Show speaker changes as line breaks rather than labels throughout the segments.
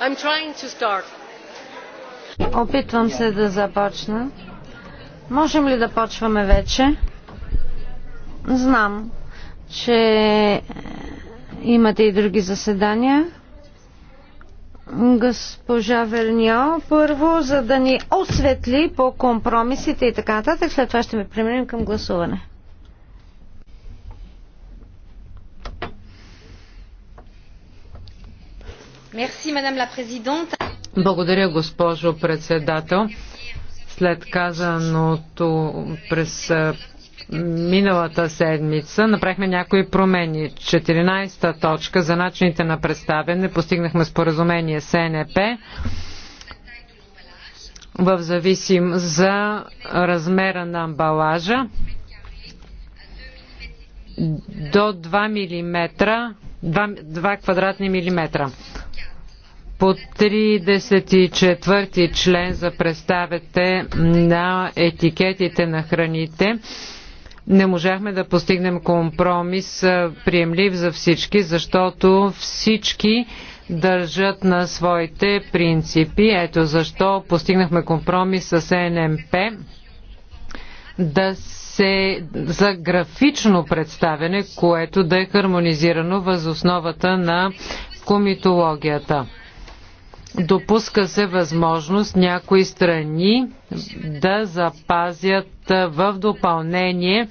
I'm trying to start.
Опитвам се да започна. Можем ли да почваме вече? Знам, че имате и други заседания. Госпожа Верньо, първо, за да ни осветли по компромисите и така нататък, след това ще ме преминем към гласуване.
Благодаря, госпожо председател. След казаното през миналата седмица направихме някои промени. 14-та точка за начините на представяне постигнахме споразумение с НЕП. в зависим за размера на амбалажа до 2 мм, 2, 2 квадратни милиметра по 34 ти член за представете на етикетите на храните. Не можахме да постигнем компромис приемлив за всички, защото всички държат на своите принципи. Ето защо постигнахме компромис с НМП да се за графично представяне, което да е хармонизирано въз основата на комитологията. Допуска се възможност някои страни да запазят в допълнение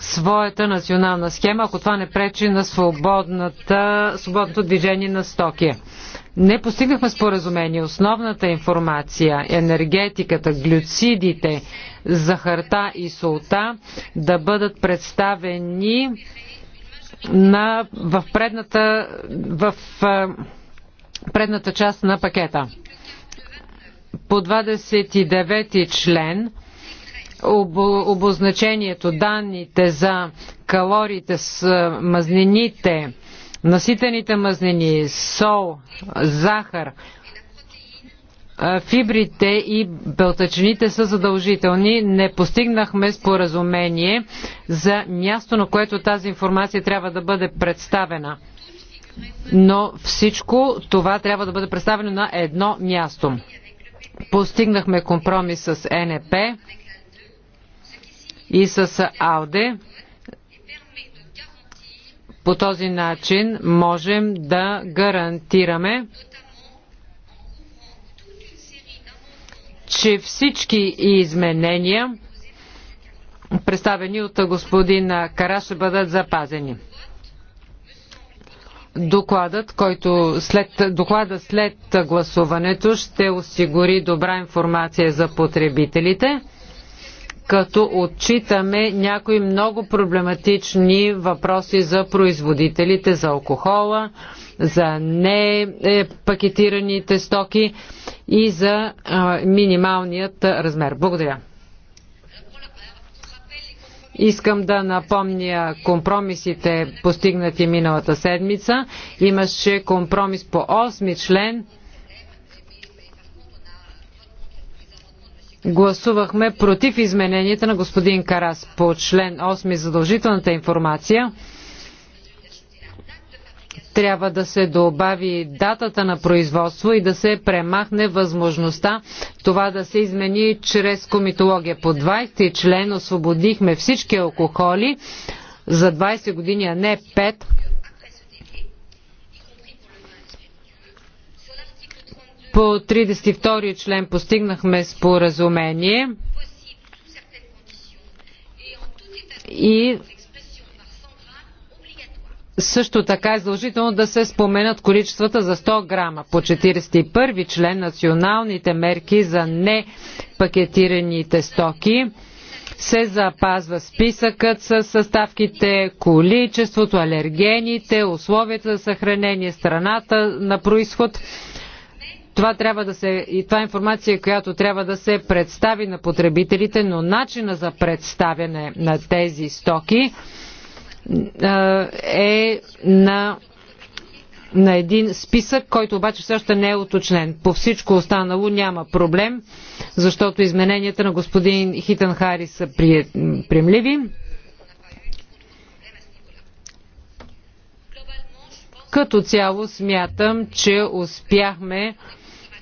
своята национална схема, ако това не пречи на свободното движение на стоки. Не постигнахме споразумение. Основната информация, енергетиката, глюцидите, захарта и солта да бъдат представени на, в предната, в предната част на пакета. По 29 член обозначението, данните за калориите, с мазнините, наситените мазнини, сол, захар, фибрите и белтъчените са задължителни. Не постигнахме споразумение за място, на което тази информация трябва да бъде представена но всичко това трябва да бъде представено на едно място. Постигнахме компромис с НП и с АЛДЕ. По този начин можем да гарантираме, че всички изменения, представени от господин Кара, ще бъдат запазени докладът, който след, доклада след гласуването ще осигури добра информация за потребителите, като отчитаме някои много проблематични въпроси за производителите, за алкохола, за непакетираните стоки и за минималният размер. Благодаря. Искам да напомня компромисите, постигнати миналата седмица. Имаше компромис по 8 член. Гласувахме против измененията на господин Карас по член 8 задължителната информация. Трябва да се добави датата на производство и да се премахне възможността това да се измени чрез комитология. По 20 член освободихме всички алкохоли за 20 години, а не 5. По 32 член постигнахме споразумение и също така е задължително да се споменат количествата за 100 грама. По 41 и член националните мерки за непакетираните стоки се запазва списъкът с съставките, количеството, алергените, условията за съхранение, страната на происход. Това, трябва да се, и това е информация, която трябва да се представи на потребителите, но начина за представяне на тези стоки е на на един списък, който обаче все още не е уточнен. По всичко останало няма проблем, защото измененията на господин Хитън Хари са приемливи. Като цяло смятам, че успяхме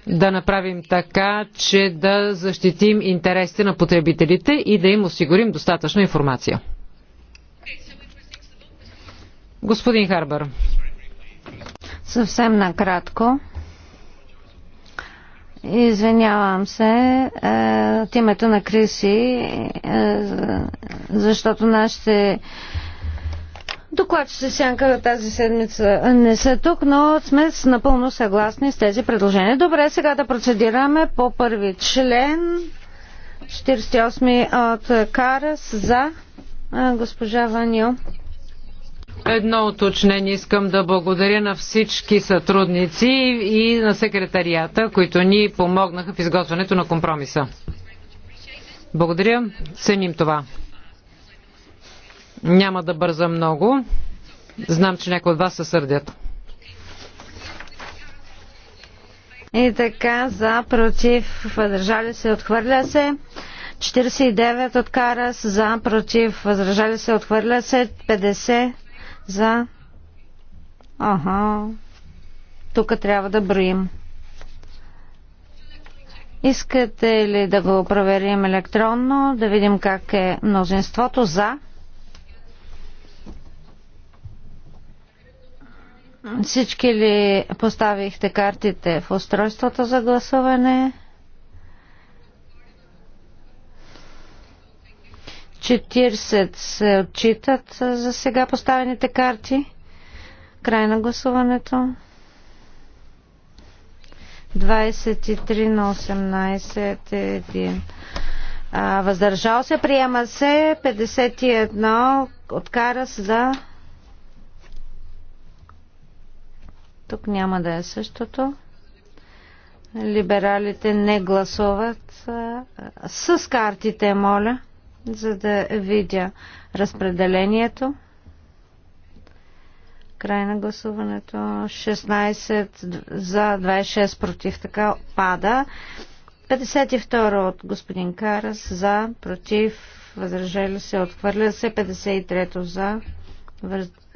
да направим така, че да защитим интересите на потребителите и да им осигурим достатъчна информация.
Господин Харбър. Съвсем накратко. Извинявам се е, от името на Криси, е, защото нашите се сянка тази седмица не са тук, но сме напълно съгласни с тези предложения. Добре, сега да процедираме по първи член 48 от Карас за е, госпожа Ванил.
Едно уточнение искам да благодаря на всички сътрудници и на секретарията, които ни помогнаха в изготвянето на компромиса. Благодаря, ценим това. Няма да бърза много. Знам, че някои от вас се сърдят.
И така, за, против, въздържали се, отхвърля се. 49 откара. за, против, въздържали се, отхвърля се. 50 за... Ага. Тук трябва да броим. Искате ли да го проверим електронно, да видим как е мнозинството за? Всички ли поставихте картите в устройството за гласуване? 40 се отчитат за сега поставените карти. Край на гласуването. 23 на 18 е А, въздържал се, приема се 51 откара се за. Тук няма да е същото. Либералите не гласуват. С картите, моля за да видя разпределението. Край на гласуването 16 за 26 против. Така пада. 52 от господин Карас за против. Въздържали се, отхвърля се. 53 за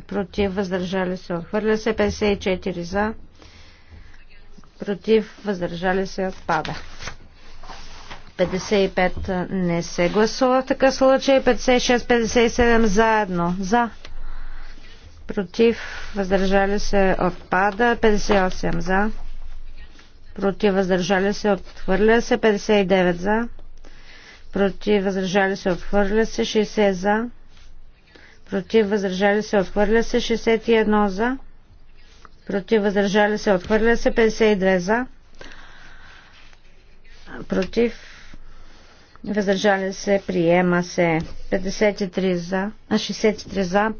против. Въздържали се, отхвърля се. 54 за против. Въздържали се, отпада. 55 не се гласува в такъв случай. 56-57 заедно. За. Против. Въздържали се. Отпада. 58 за. Против. Въздържали се. Отхвърля се. 59 за. Против. Въздържали се. Отхвърля се. 60 за. Против. Въздържали се. Отхвърля се. 61 за. Против. Въздържали се. Отхвърля се. 52 за. Против въздържали се, приема се. 53 за, а 63 за,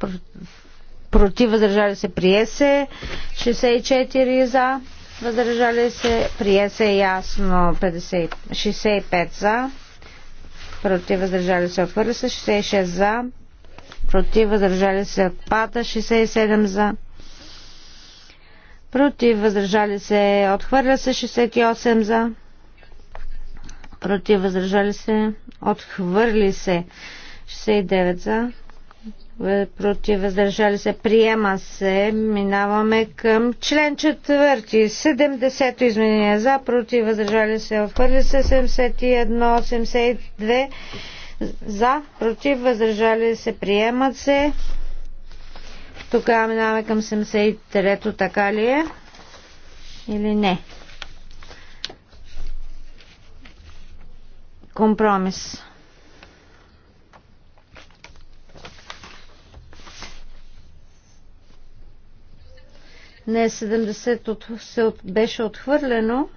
против, въздържали се, прие се. 64 за, въздържали се, прие се ясно. 50, 65 за, против, въздържали се, отхвърля се. 66 за, против, въздържали се, отпада. 67 за, против, въздържали се, отхвърля се. 68 за, против възражали се, отхвърли се 69 за, против въздържали се, приема се, минаваме към член четвърти. 70 изменение за, против въздържали се, отхвърли се 71, 82 за, против въздържали се, приемат се. Тогава минаваме към 73-то, така ли е? Или не? Компромис. Не, 70 от, се от, беше отхвърлено.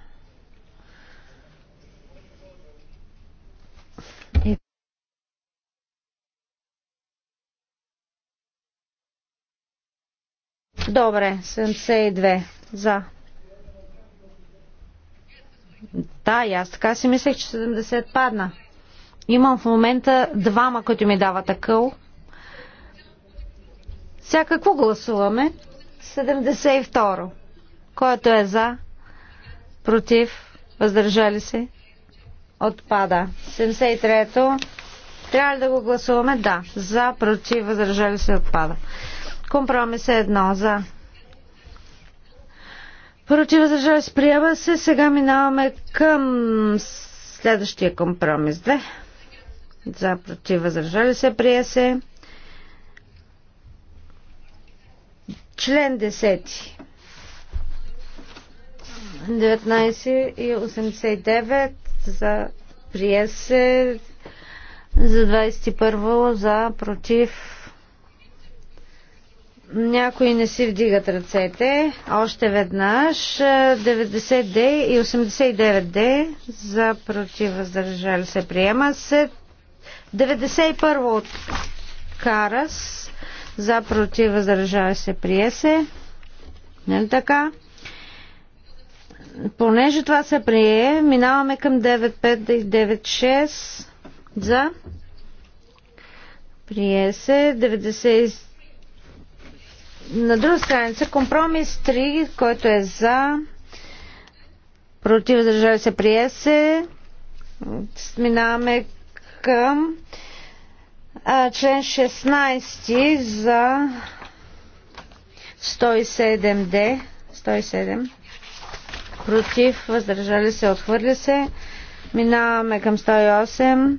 Добре, 72 за. Да, и аз така си мислех, че 70 падна. Имам в момента двама, които ми дават акъл. Сега какво гласуваме? 72. Който е, е за, против, въздържали се, отпада. 73-то. Трябва ли да го гласуваме? Да. За, против, въздържали се, отпада. Компромис е едно. За, Против въздържали се приема се. Сега минаваме към следващия компромис. 2. За против въздържали се прие се. Член 10. 19 и 89 за прие се. За 21 за против някои не си вдигат ръцете. Още веднъж 90D и 89D за против въздържали се приема се. 91 от Карас за против въздържали се прие се. ли нали така? Понеже това се прие, минаваме към 9.5 и 9.6 за прие се. 90 на друга страница компромис 3, който е за, против държави се, прие се. Сминаваме към а, член 16 за 107D. 107. Против, въздържали се, отхвърля се. Минаваме към 108.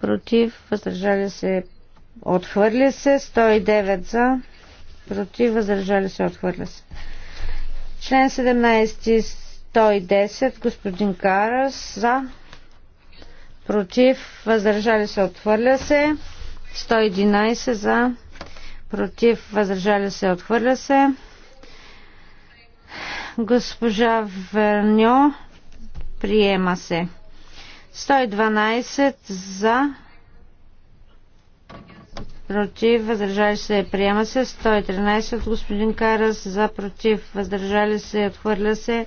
Против, въздържали се, Отхвърля се. 109 за. Против. Въздържали се. Отхвърля се. Член 17. 110. Господин Карас. За. Против. Въздържали се. Отхвърля се. 111 за. Против. Въздържали се. Отхвърля се. Госпожа Верньо. Приема се. 112 за против, въздържали се, приема се. 113 от господин Карас за против, въздържали се, отхвърля се.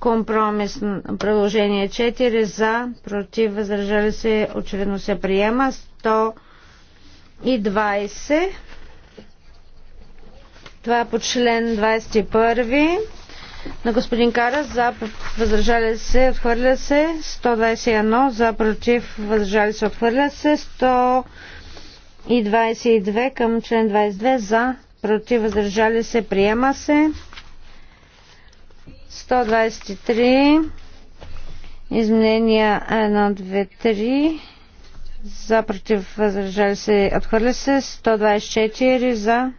Компромис приложение 4 за против, въздържали се, очевидно се приема. 120. Това е по член 21 на господин Карас за въздържали се, отхвърля се 121 за против, въздържали се, отхвърля се 100 и 22 към член 22 за, против, въздържали се, приема се. 123 изменения 1, 2, 3 за, против, въздържали се, отхвърля се. 124 за,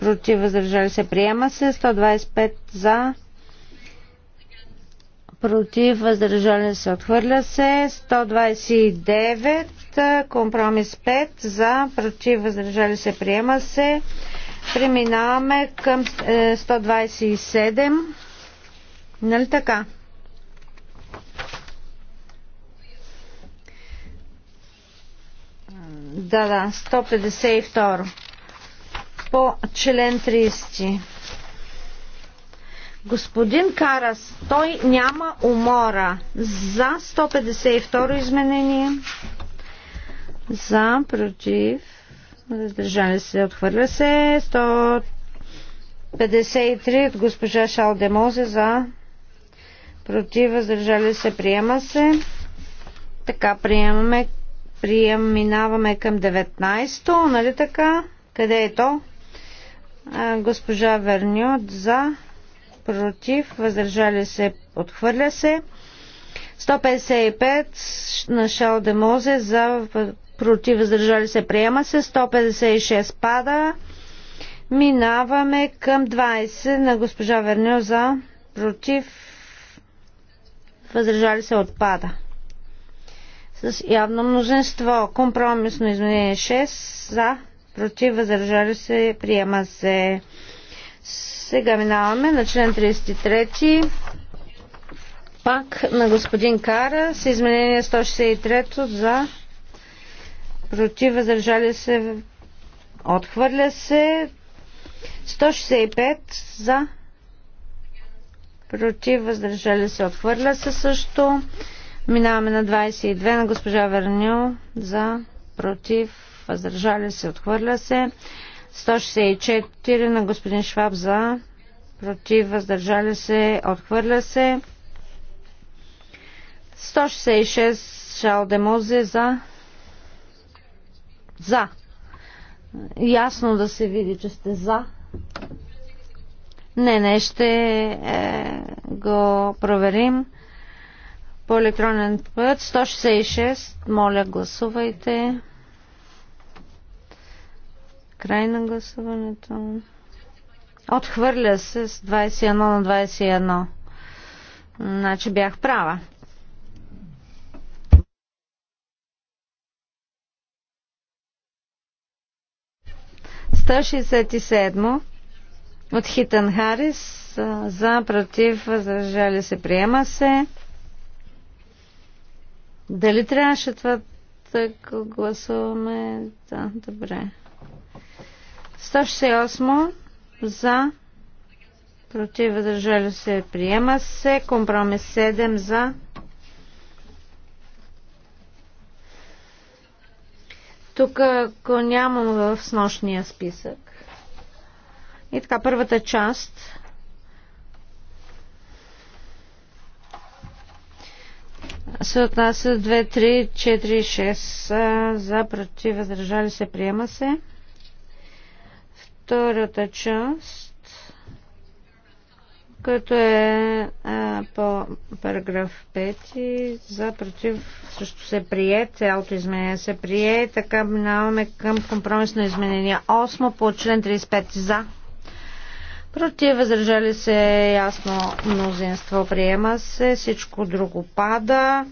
против, въздържали се, приема се. 125 за, против, въздържане се, отхвърля се. 129, компромис 5, за, против, въздържали се, приема се. Преминаваме към 127. Е, нали така? Да, да, 152. По член 30. Господин Карас, той няма умора. За 152 изменение. За, против. Въздържали се, отхвърля се. 153 от госпожа Шалдемозе за. Против, въздържали се, приема се. Така, приемаме, прием, минаваме към 19-то, нали така? Къде е то? Госпожа Верньот за против, въздържали се, отхвърля се. 155 на Шал де Мозе за против, въздържали се, приема се. 156 пада. Минаваме към 20 на госпожа Верньо за против, въздържали се, отпада. С явно мнозинство. Компромисно изменение 6 за против, въздържали се, приема се. Сега минаваме на член 33. Пак на господин Кара с изменение 163 за против въздържали се отхвърля се 165 за против въздържали се отхвърля се също минаваме на 22 на госпожа Верню за против въздържали се отхвърля се 164 на господин Шваб за, против, въздържали се, отхвърля се. 166 Шал Демозе за. За. Ясно да се види, че сте за. Не, не, ще е, го проверим по електронен път. 166, моля гласувайте. Край на гласуването. Отхвърля се с 21 на 21. Значи бях права. Сто от Хитън Харис за, против, възражали се, приема се. Дали трябваше това да гласуваме? Да, добре. 168 за, против, въздържали се, приема се. Компромис 7 за. Тук го нямам в снощния списък. И така, първата част. се отнася 2, 3, 4, 6 за против, въздържали се, приема се втората част, като е а, е, по параграф 5 за против също се прие, цялото изменение се прие, така минаваме към компромис на изменение 8 по член 35 за. Против възражали се ясно мнозинство, приема се, всичко друго пада.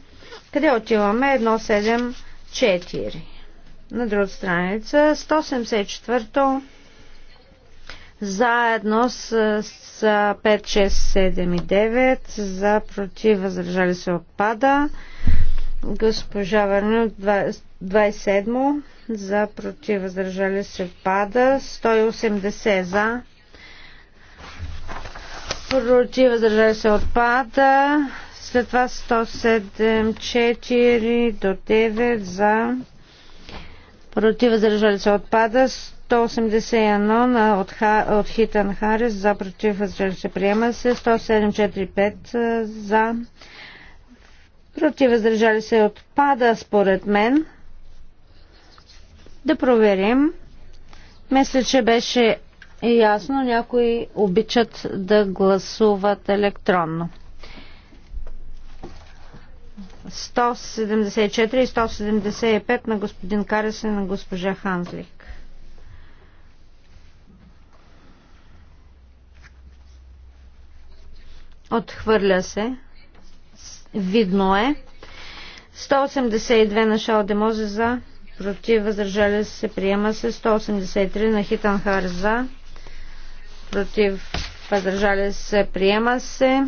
Къде отиваме? 174. На другата страница 174 заедно с, с 5, 6, 7 и 9 за против възражали се отпада. Госпожа Върню 27 за против възражали се пада. 180 за против възражали се отпада. След това 107, 4 до 9 за против възражали се отпада. 181 на, от, Хитан от Хитън Харис за против въздържали се приема се 1745 за против въздържали се отпада според мен да проверим мисля, че беше ясно някои обичат да гласуват електронно 174 и 175 на господин Карес и на госпожа Ханзлих Отхвърля се. Видно е. 182 на Шал Демозе за. Против. Въздържали се. Приема се. 183 на Хитан Хар за. Против. Въздържали се. Приема се.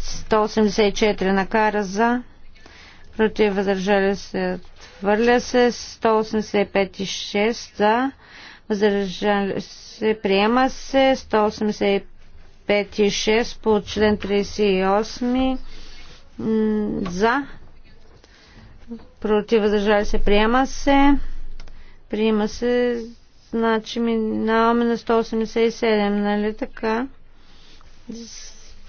184 на Кара за. Против. Въздържали се. Отхвърля се. 185 и 6 за. Въздържали се. Приема се. 185 5 и 6 по член 38 за против въздържали се приема се приема се значи минаваме на 187 нали така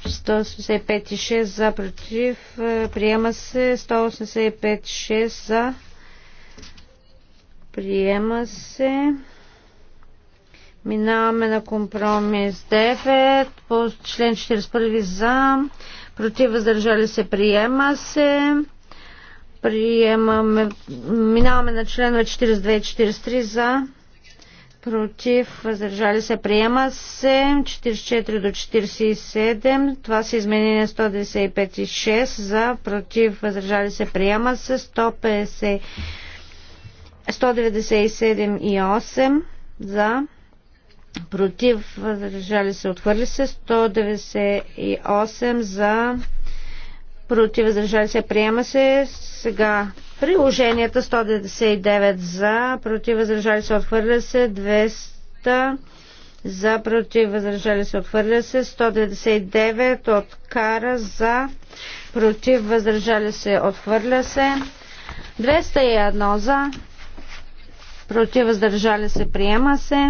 185 и 6 за против е, приема се 185 и 6 за приема се Минаваме на компромис 9 по член 41 за. Против въздържали се приема се. Приемаме, минаваме на членове 42 и 43 за. Против въздържали се приема се. 44 до 47. Това са изменения 195 и 6 за. Против въздържали се приема се. 150, 197 и 8 за против, въздържали се, отхвърли се, 198 за, против, въздържали се, приема се, сега приложенията 199 за, против, въздържали се, отхвърля се, 200 за, против, въздържали се, отхвърля се, 199 от кара за, против, въздържали се, отхвърля се, 201 за, против, въздържали се, приема се,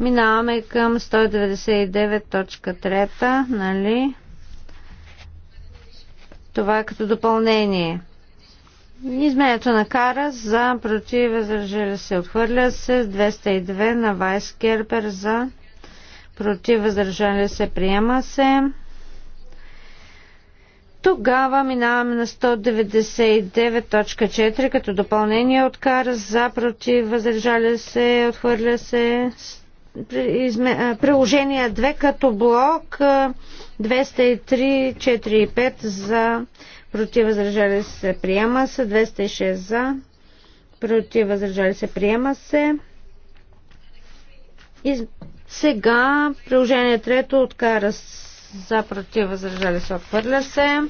Минаваме към 199.3, нали? Това е като допълнение. Изменето на Кара за против въздържали се отхвърля се 202 на Вайс Керпер за против възражали се приема се. Тогава минаваме на 199.4 като допълнение от Кара за против възражали се отхвърля се приложение 2 като блок 203-4-5 за против възражали се приема се 206 за против възражали се приема се и сега приложение 3 откара за против възражали се отхвърля се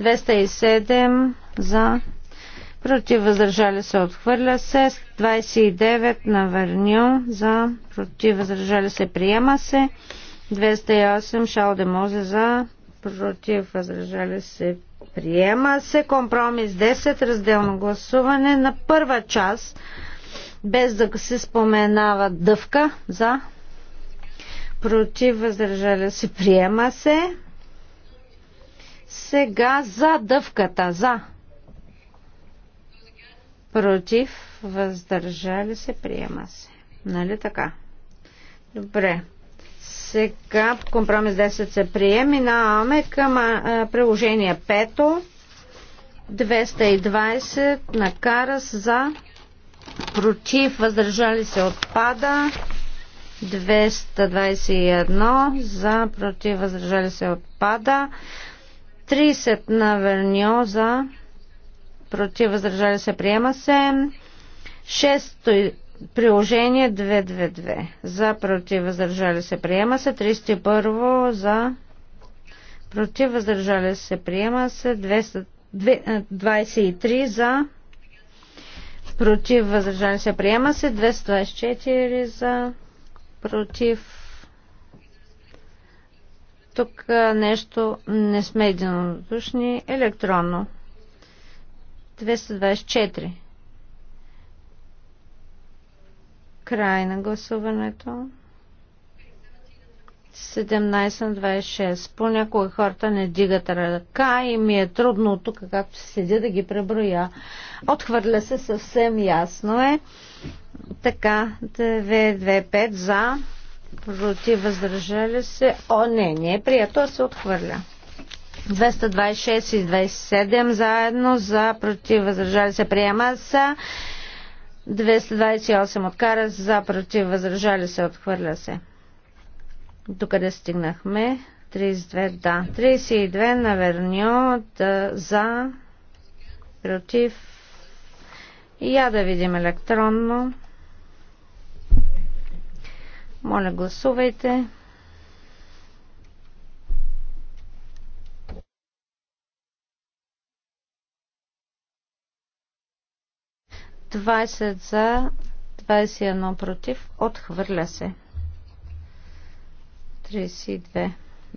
207 за против въздържали се отхвърля се, 29 на Верню за против въздържали се приема се, 208 Шал де Мозе за против въздържали се приема се, компромис 10 разделно гласуване на първа част без да се споменава дъвка за против въздържали се приема се сега за дъвката за против, въздържали се, приема се. Нали така? Добре. Сега компромис 10 се приеми. Минаваме към а, приложение 5. 220 на Карас за против, въздържали се отпада. 221 за против, въздържали се отпада. 30 на Верньо за против, въздържали се, приема се. Шесто приложение 222. За, против, въздържали се, приема се. 31 за, против, въздържали се, приема се. 23 за, против, въздържали се, приема се. 224 за, против, тук нещо не сме единодушни електронно. 224. Край на гласуването. 17-26. Понякога хората не дигат ръка и ми е трудно от тук, както седя, да ги преброя. Отхвърля се съвсем ясно е. Така, 5 за, против, въздържали се. О, не, не е прието, се отхвърля. 226 и 27 заедно за против възражали се приема са 228 откара за против възражали се отхвърля се. къде стигнахме? 32 да. 32 на да, за против. Я да видим електронно. Моля гласувайте. 20 за, 21 против, отхвърля се. 32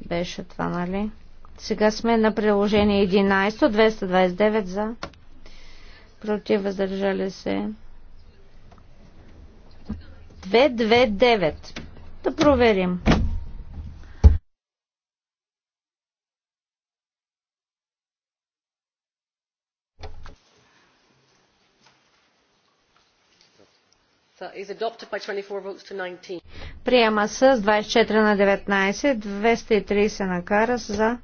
беше това, нали? Сега сме на приложение 11, 229 за, против, въздържали се. 229. Да проверим. Приема се с 24 на 19, 230 на Карас за.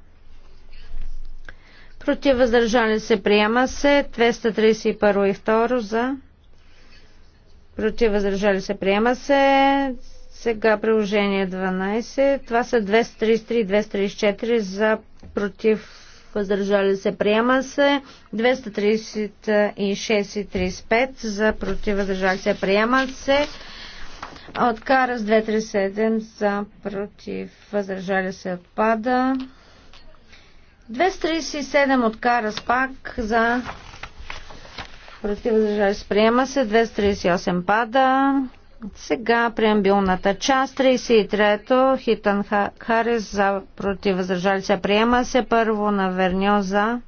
Против въздържали се приема се 231 и 2 за. Против въздържали се приема се. Сега приложение 12. Това са 233 и 234 за против въздържали се, приема се. 236 и 35 за против, въздържали се, приема се. Откара с 237 за против, въздържали се, отпада. 237 откара с пак за против въздържали се приема се. 238 пада. Сега преамбилната част, 33-то, Хитън Харес за против въздържали се. Приема се първо на Верньо за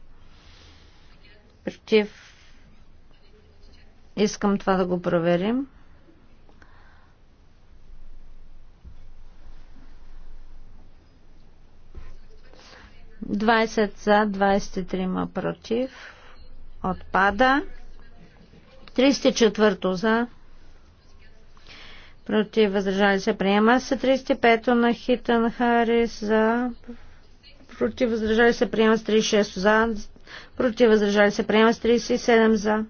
против. Искам това да го проверим. Двадесет за, 23 против. Отпада. 34 за против въздържали се приема се 35 на Хитън Харис за против въздържали се приема с 36 за против въздържали се приема с 37 за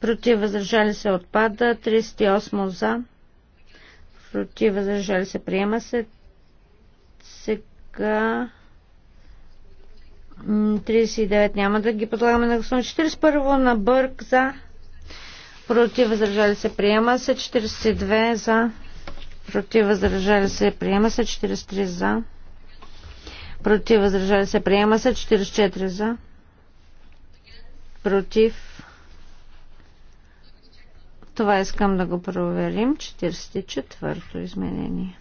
против въздържали се отпада 38 за против въздържали се приема се сега 39 няма да ги подлагаме на гласуване 41 на Бърк за против въздържали се приема се 42 за против въздържали се приема се 43 за против въздържали се приема се 44 за против това искам да го проверим 44-то изменение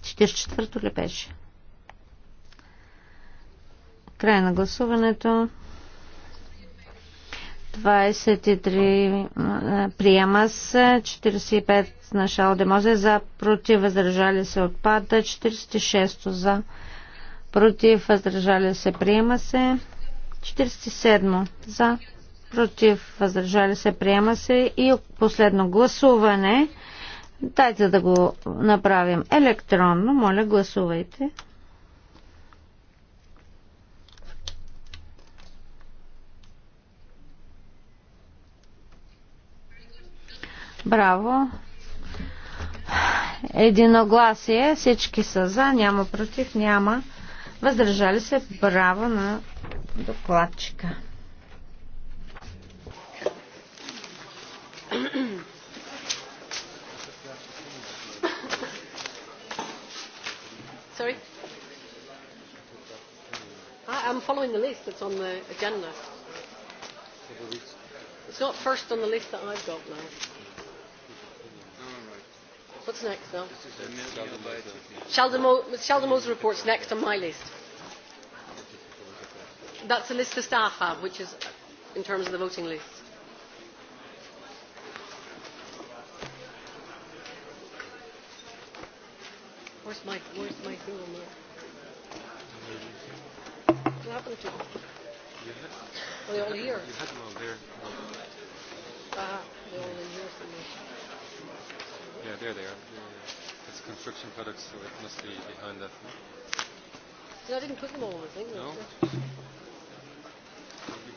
44-то ли беше край на гласуването 23 приема се, 45 начало Демозе за, против въздържали се отпада, 46 за, против въздържали се приема се, 47 за, против въздържали се приема се и последно гласуване. Дайте да го направим електронно, моля гласувайте. Браво. Единогласие. Всички са за, няма против, няма. Въздържали се. Браво на докладчика.
Sorry? I, I'm following the list that's on the agenda. It's not first on the list that I've got now. What's next now? Shaldemo's report's next on my list. That's the list the staff have, which is in terms of the voting list. Where's my, where's my thing on that? What happened to them? Are they all here? You had them all there. Ah, they're all in here somewhere. Yeah, there they are. It's construction products, so it must be behind that. No? I didn't put them all, I think. No? We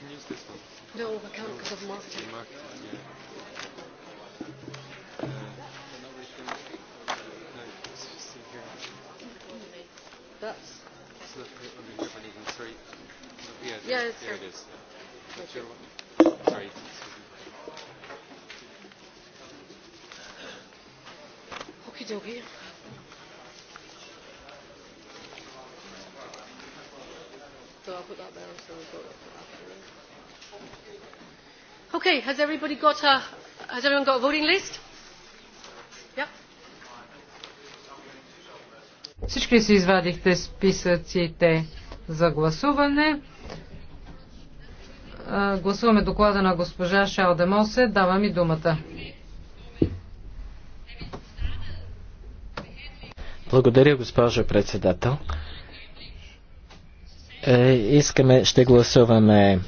can use this one. No, I can't because I've marked it. Marked yeah. no, let's just see here. That's... It's not under here, even, sorry. Yeah, yeah, there it is. That's your one. Sorry. Okay, has everybody got a has everyone got a voting list?
Всички си извадихте списъците за гласуване. Гласуваме доклада на госпожа Шалдемосе. Давам и думата.
Благодаря, госпожо председател. Е, искаме, ще гласуваме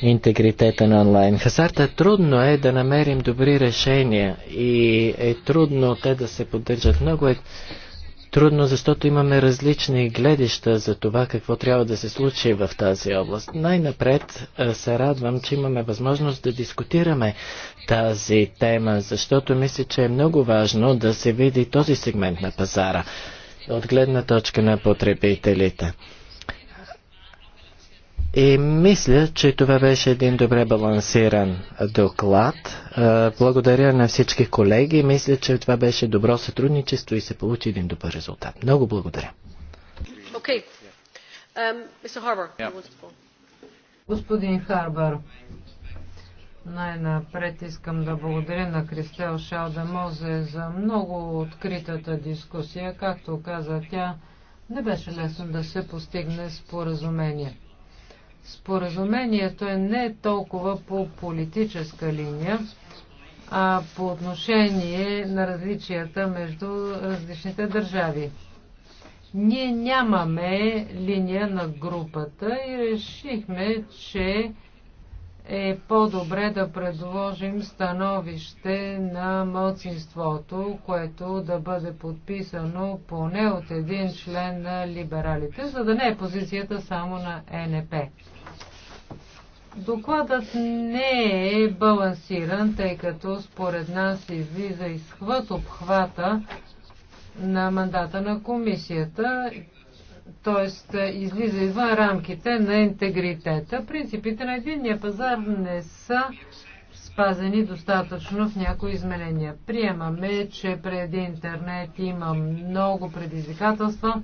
интегритета на онлайн хазарта. Трудно е да намерим добри решения и е трудно те да се поддържат. Много е трудно, защото имаме различни гледища за това какво трябва да се случи в тази област. Най-напред се радвам, че имаме възможност да дискутираме тази тема, защото мисля, че е много важно да се види този сегмент на пазара от гледна точка на потребителите. И мисля, че това беше един добре балансиран доклад. Благодаря на всички колеги. Мисля, че това беше добро сътрудничество и се получи един добър резултат. Много благодаря.
Okay. Um, Harbour, yeah.
Господин Харбър, най-напред искам да благодаря на Кристел Шалдамозе за много откритата дискусия. Както каза тя, не беше лесно да се постигне споразумение. Споразумението е не толкова по политическа линия, а по отношение на различията между различните държави. Ние нямаме линия на групата и решихме, че е по-добре да предложим становище на мълцинството, което да бъде подписано поне от един член на либералите, за да не е позицията само на НП. Докладът не е балансиран, тъй като според нас излиза изхвъд обхвата на мандата на комисията, т.е. излиза извън рамките на интегритета. Принципите на единния пазар не са спазени достатъчно в някои изменения. Приемаме, че преди интернет има много предизвикателства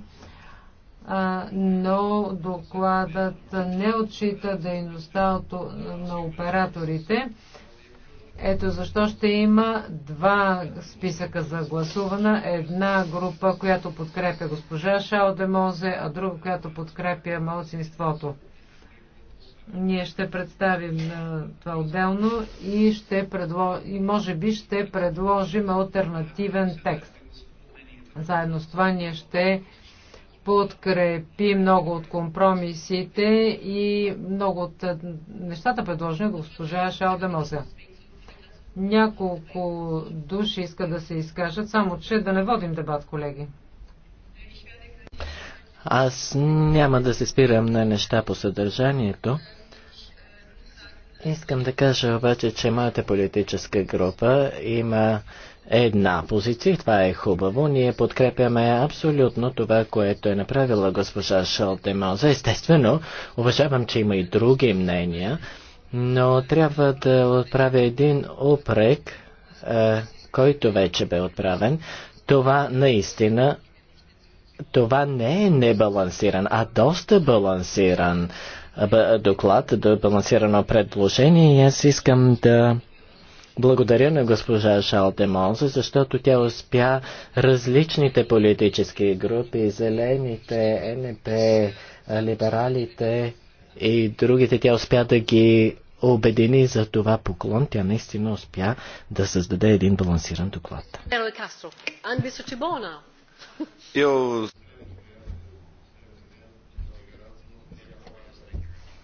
но докладът не отчита дейността на операторите. Ето защо ще има два списъка за гласувана. Една група, която подкрепя госпожа Шао Демозе, а друга, която подкрепя малцинството. Ние ще представим това отделно и, ще предло... и може би ще предложим альтернативен текст. Заедно с това ние ще подкрепи много от компромисите и много от е, нещата предложени от госпожа Шалда Мозе. Няколко души искат да се изкажат, само че да не водим дебат, колеги.
Аз няма да се спирам на неща по съдържанието. Искам да кажа обаче, че моята политическа група има една позиция. Това е хубаво. Ние подкрепяме абсолютно това, което е направила госпожа Шолтемоза. Естествено, уважавам, че има и други мнения, но трябва да отправя един упрек, е, който вече бе отправен. Това наистина това не е небалансиран, а доста балансиран е, доклад, до балансирано предложение и аз искам да благодаря на госпожа Монзе, защото тя успя различните политически групи, зелените, НП, либералите и другите, тя успя да ги обедини за това поклон. Тя наистина успя да създаде един балансиран доклад.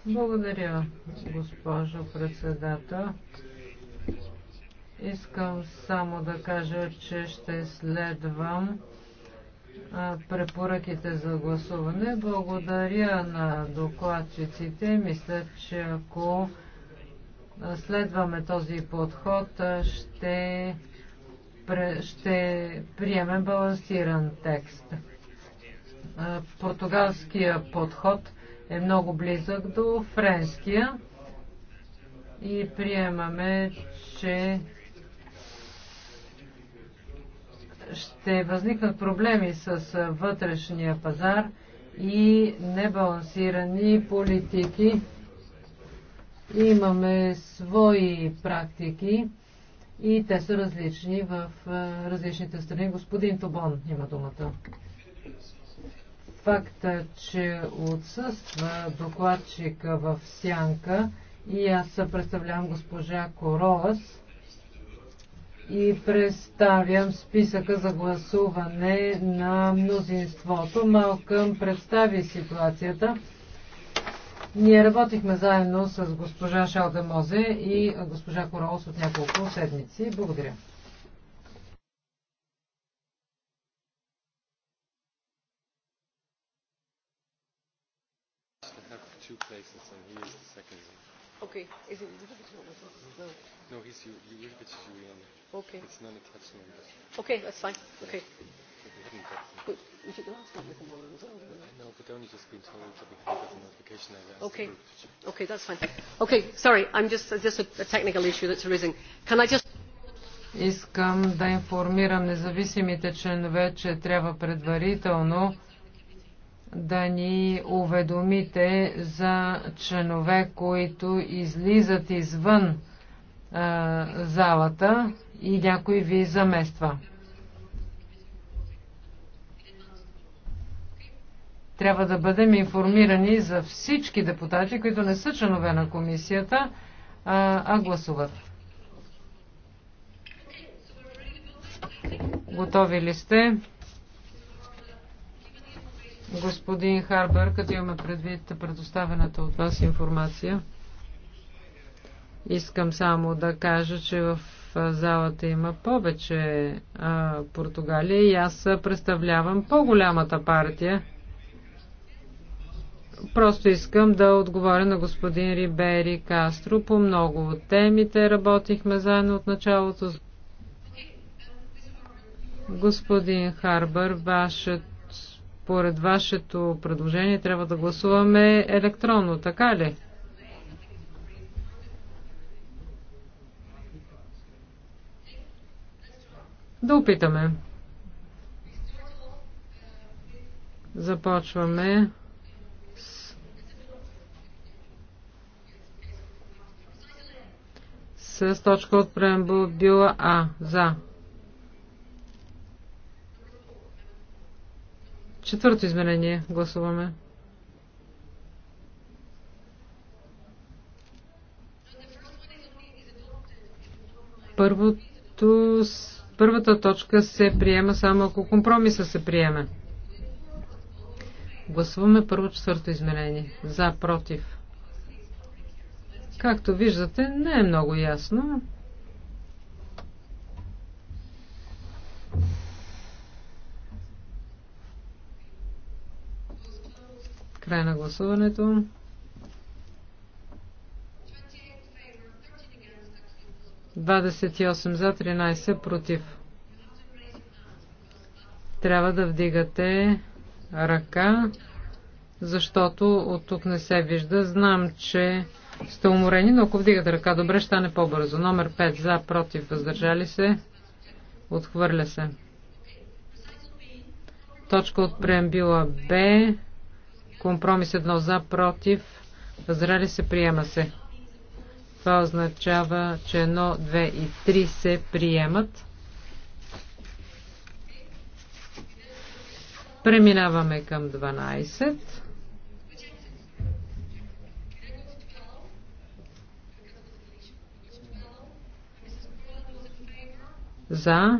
Благодаря, госпожо председател. Искам само да кажа, че ще следвам препоръките за гласуване. Благодаря на докладчиците. Мисля, че ако следваме този подход, ще, ще приемем балансиран текст. Португалския подход е много близък до френския и приемаме, че ще възникнат проблеми с вътрешния пазар и небалансирани политики. Имаме свои практики и те са различни в различните страни. Господин Тобон има думата. Факта, че отсъства докладчика в сянка и аз представлявам госпожа Королас, и представям списъка за гласуване на мнозинството. Малкъм представи ситуацията. Ние работихме заедно с госпожа Мозе и госпожа Королс от няколко седмици. Благодаря.
Okay, is it No, he's you. You will get Julian. Okay. It's not attached number. Okay, that's fine. Yeah. Okay. Good. You did the last one with the morning as No, but only just been told that we have a notification. I okay. Okay, that's fine. Okay, sorry, I'm just, uh, just a, a technical issue that's arising.
Can I just... Искам да информирам независимите членове, че трябва предварително да ни уведомите за членове, които излизат извън а, залата и някой ви замества. Трябва да бъдем информирани за всички депутати, които не са членове на комисията, а, а гласуват. Готови ли сте? Господин Харбър, като имаме предвид предоставената от вас информация. Искам само да кажа, че в залата има повече а, Португалия и аз представлявам по-голямата партия. Просто искам да отговоря на господин Рибери Кастро. По много от темите работихме заедно от началото. Господин Харбър, вашето, според вашето предложение трябва да гласуваме електронно, така ли? Да опитаме. Започваме с, с точка от била А. За. Четвърто изменение. Гласуваме. Първото Първата точка се приема само ако компромиса се приеме. Гласуваме първо четвърто измерение. За, против. Както виждате, не е много ясно. Край на гласуването. 28 за, 13 против. Трябва да вдигате ръка, защото от тук не се вижда. Знам, че сте уморени, но ако вдигате ръка, добре, ще стане по-бързо. Номер 5 за, против, въздържали се, отхвърля се. Точка от преамбила Б. Компромис 1 за, против, въздържали се, приема се. Това означава, че 1, 2 и 3 се приемат. Преминаваме към 12. За.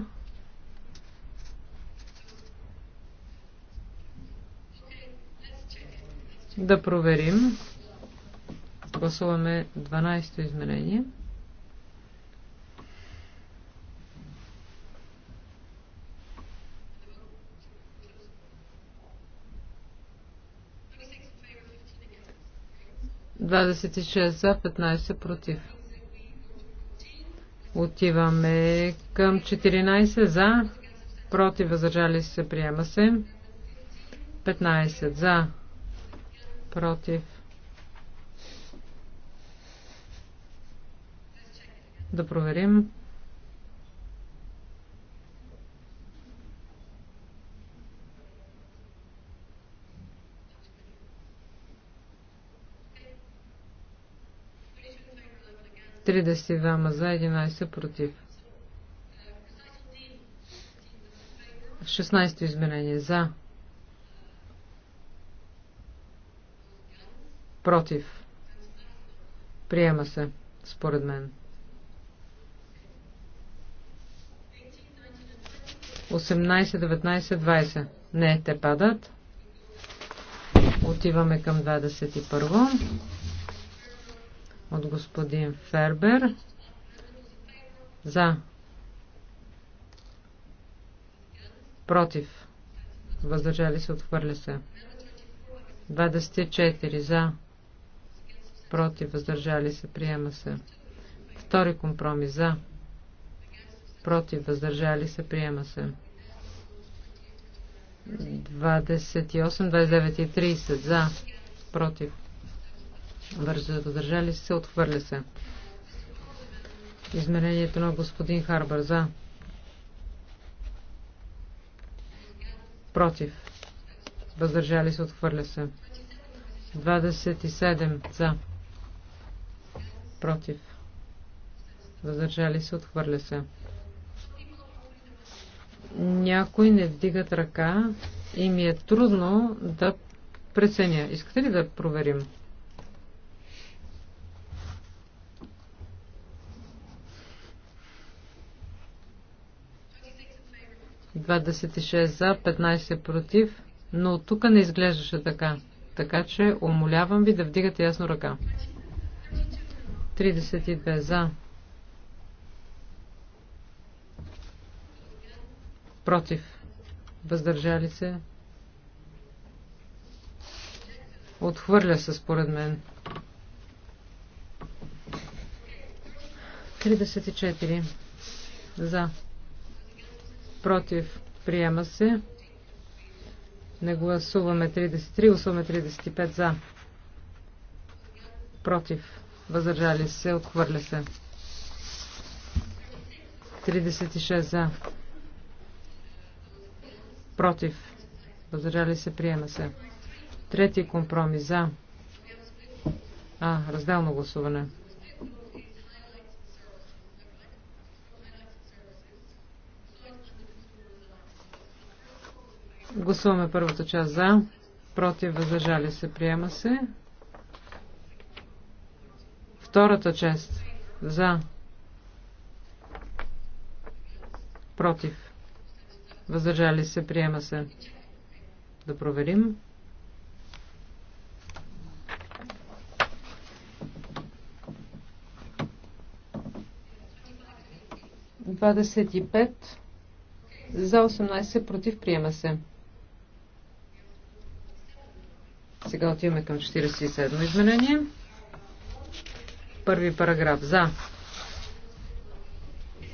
Да проверим гласуваме 12-то изменение. Двадесет и шест за, 15 против. Отиваме към 14 за, против, възражали се, приема се. 15 за, против, Да проверим. Тридесет двама за, 11 против. 16 измерение за. Против. Приема се, според мен. 18, 19, 20. Не, те падат. Отиваме към 21. От господин Фербер. За. Против. Въздържали се, отхвърля се. 24. За. Против. Въздържали се, приема се. Втори компромис. За против, въздържали се, приема се. 28, 29 и 30 за, против, въздържали се, отхвърля се. Измерението на господин Харбър за, против, въздържали се, отхвърля се. 27 за, против, въздържали се, отхвърля се някои не вдигат ръка и ми е трудно да преценя. Искате ли да проверим? Двадесет за, 15 е против, но тук не изглеждаше така. Така че умолявам ви да вдигате ясно ръка. 32 за. против, въздържали се, отхвърля се според мен. 34 за, против, приема се. Не гласуваме 33, гласуваме 35 за. Против. Въздържали се. Отхвърля се. 36 за. Против. Въздържали се. Приема се. Трети компромис. За. А, разделно гласуване. Гласуваме първата част за. Против. Въздържали се. Приема се. Втората част. За. Против. Въздържали се, приема се. Да проверим. Двадесет и пет. За 18 против приема се. Сега отиваме към 47 изменение. Първи параграф. За.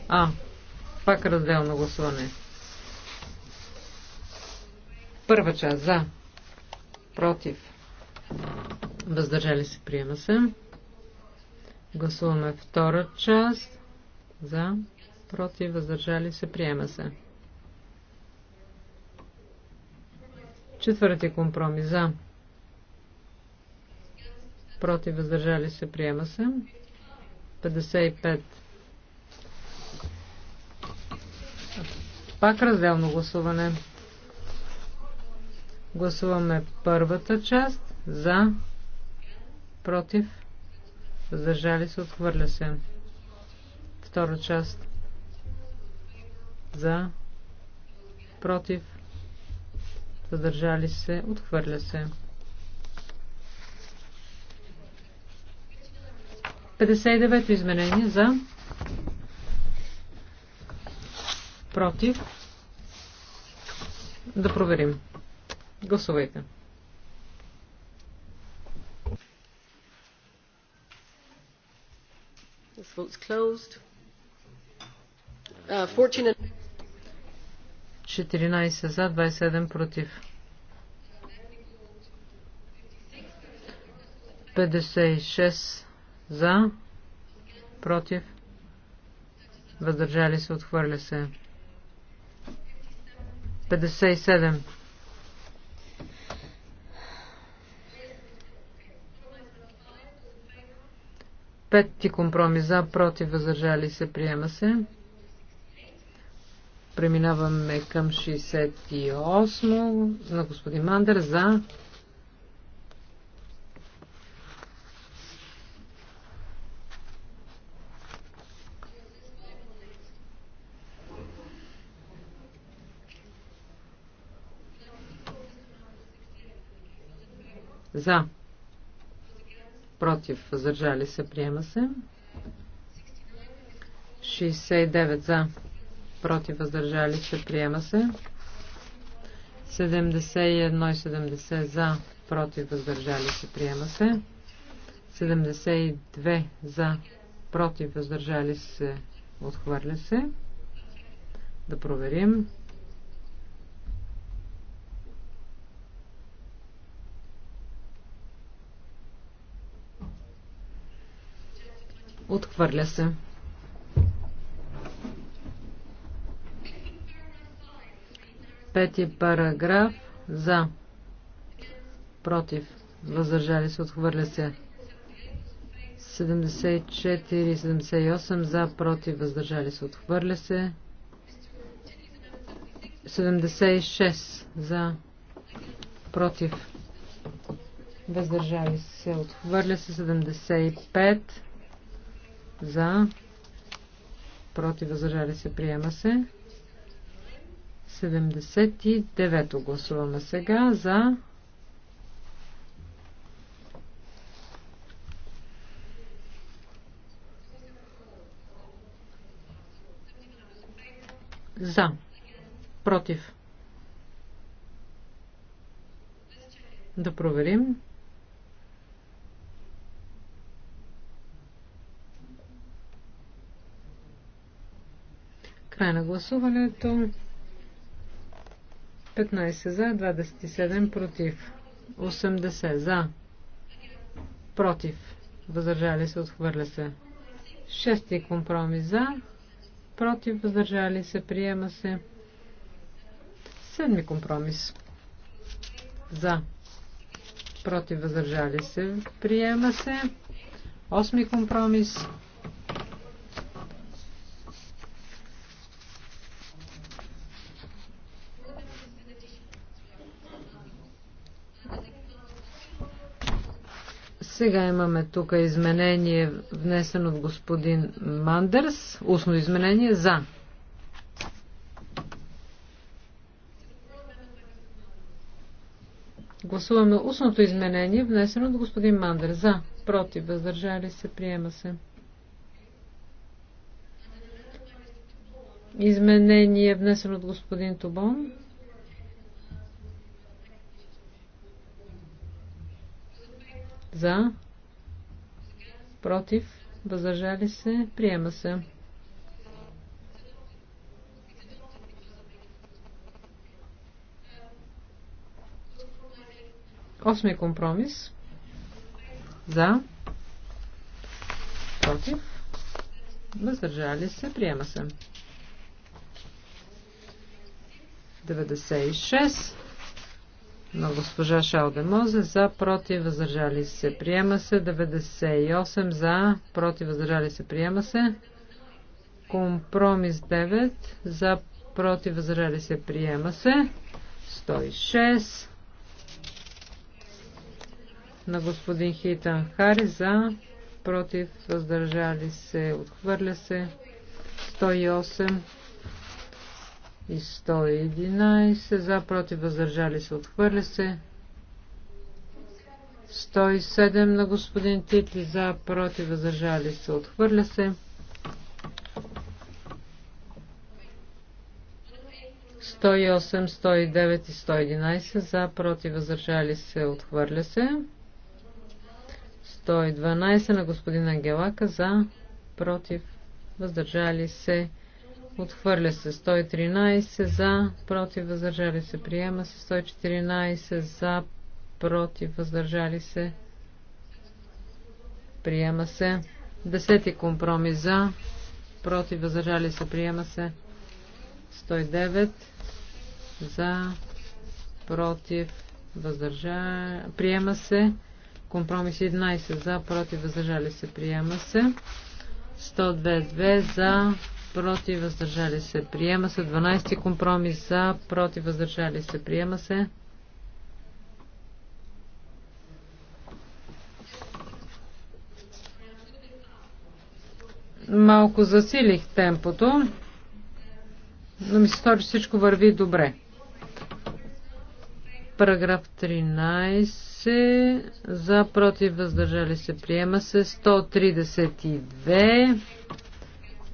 А. Пак разделно гласуване. Първа част за. Против. Въздържали се. Приема се. Гласуваме втора част. За. Против. Въздържали се. Приема се. Четвърти компромис. За. Против. Въздържали се. Приема се. 55. Пак разделно гласуване. Гласуваме първата част за, против, въздържали се, отхвърля се. Втора част за, против, въздържали се, отхвърля се. 59-то изменение за против да проверим. Гласувайте.
This vote's closed. 14
uh, за, 27 против. 56 за, против, въздържали се, отхвърля се. 57 Пети компромис за, против, въздържали се, приема се. Преминаваме към 68 на господин Мандер за. За против, въздържали се, приема се. 69 за, против, въздържали се, приема се. 71 и 70 за, против, въздържали се, приема се. 72 за, против, въздържали се, отхвърля се. Да проверим. Отхвърля се. Пети параграф. За. Против. Въздържали се. Отхвърля се. 74-78 за, против, въздържали се, отхвърля се. 76 за, против, въздържали се, отхвърля се. 75 за, против, възражали се, приема се. 79-то гласуваме сега за за против да проверим Край на гласуването. 15 за, 27 против. 80 за. Против. Въздържали се, отхвърля се. Шести компромис за. Против, въздържали се, приема се. Седми компромис. За. Против, въздържали се, приема се. Осми компромис. Сега имаме тук изменение, внесено от господин Мандърс. Устно изменение за. Гласуваме устното изменение, внесено от господин Мандър. За, против, въздържали се, приема се. Изменение, внесено от господин Тубон. За. Против. Въздържали се. Приема се. Осми компромис. За. Против. Въздържали се. Приема се. 96 на госпожа Мозе за против въздържали се приема се 98 за против въздържали се приема се компромис 9 за против въздържали се приема се 106 на господин Хитан Хари за против въздържали се отхвърля се 108 и 111 за, против, въздържали се, отхвърля се. 107 на господин Титли за, против, въздържали се, отхвърля се. 108, 109 и 111 за, против, въздържали се, отхвърля се. 112 на господин Ангелака за, против, въздържали се, отхвърля се Отхвърля се 113 за, против въздържали се. Приема се 114 за, против въздържали се. Приема се. Десети компромис за, против въздържали се. Приема се. 109 за, против въздържали. Приема се. Компромис 11 за, против въздържали се. Приема се. 102 за, против, въздържали се, приема се. 12 компромис за, против, въздържали се, приема се. Малко засилих темпото, но ми се стори, че всичко върви добре. Параграф 13. За, против, въздържали се, приема се. 132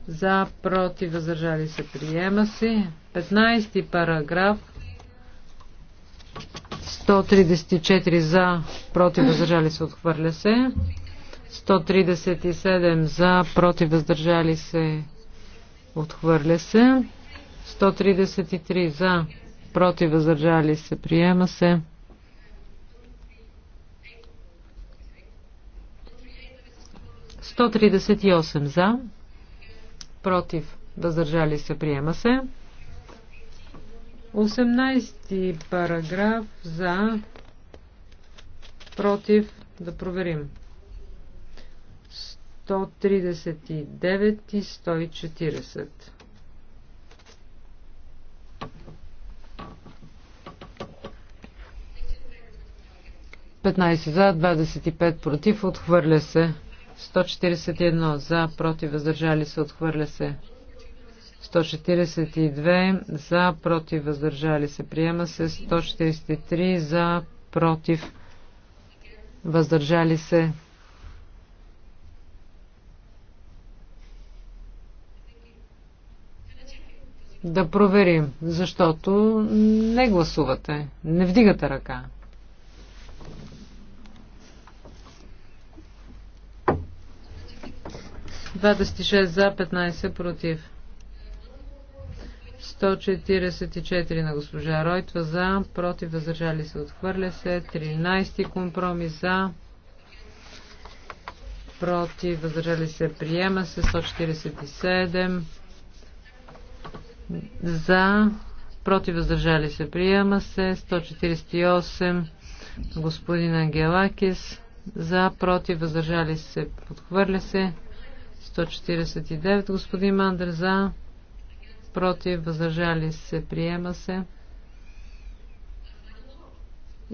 за, против, въздържали се, приема се. 15 параграф, 134 за, против, въздържали се, отхвърля се. 137 за, против, въздържали се, отхвърля се. 133 за, против, въздържали се, приема се. 138 за, против, въздържали се, приема се. 18 параграф за, против, да проверим. 139 и 140. Петнайсет за, 25 против, отхвърля се. 141 за, против, въздържали се, отхвърля се. 142 за, против, въздържали се, приема се. 143 за, против, въздържали се. Да проверим, защото не гласувате, не вдигате ръка. 26 за, 15 против. 144 на госпожа Ройтва за, против, въздържали се, отхвърля се. 13 компромис за, против, въздържали се, приема се. 147 за, против, въздържали се, приема се. 148 господин Ангелакис за, против, въздържали се, подхвърля се. 149. Господин Мандър за. Против. Въздържали се. Приема се.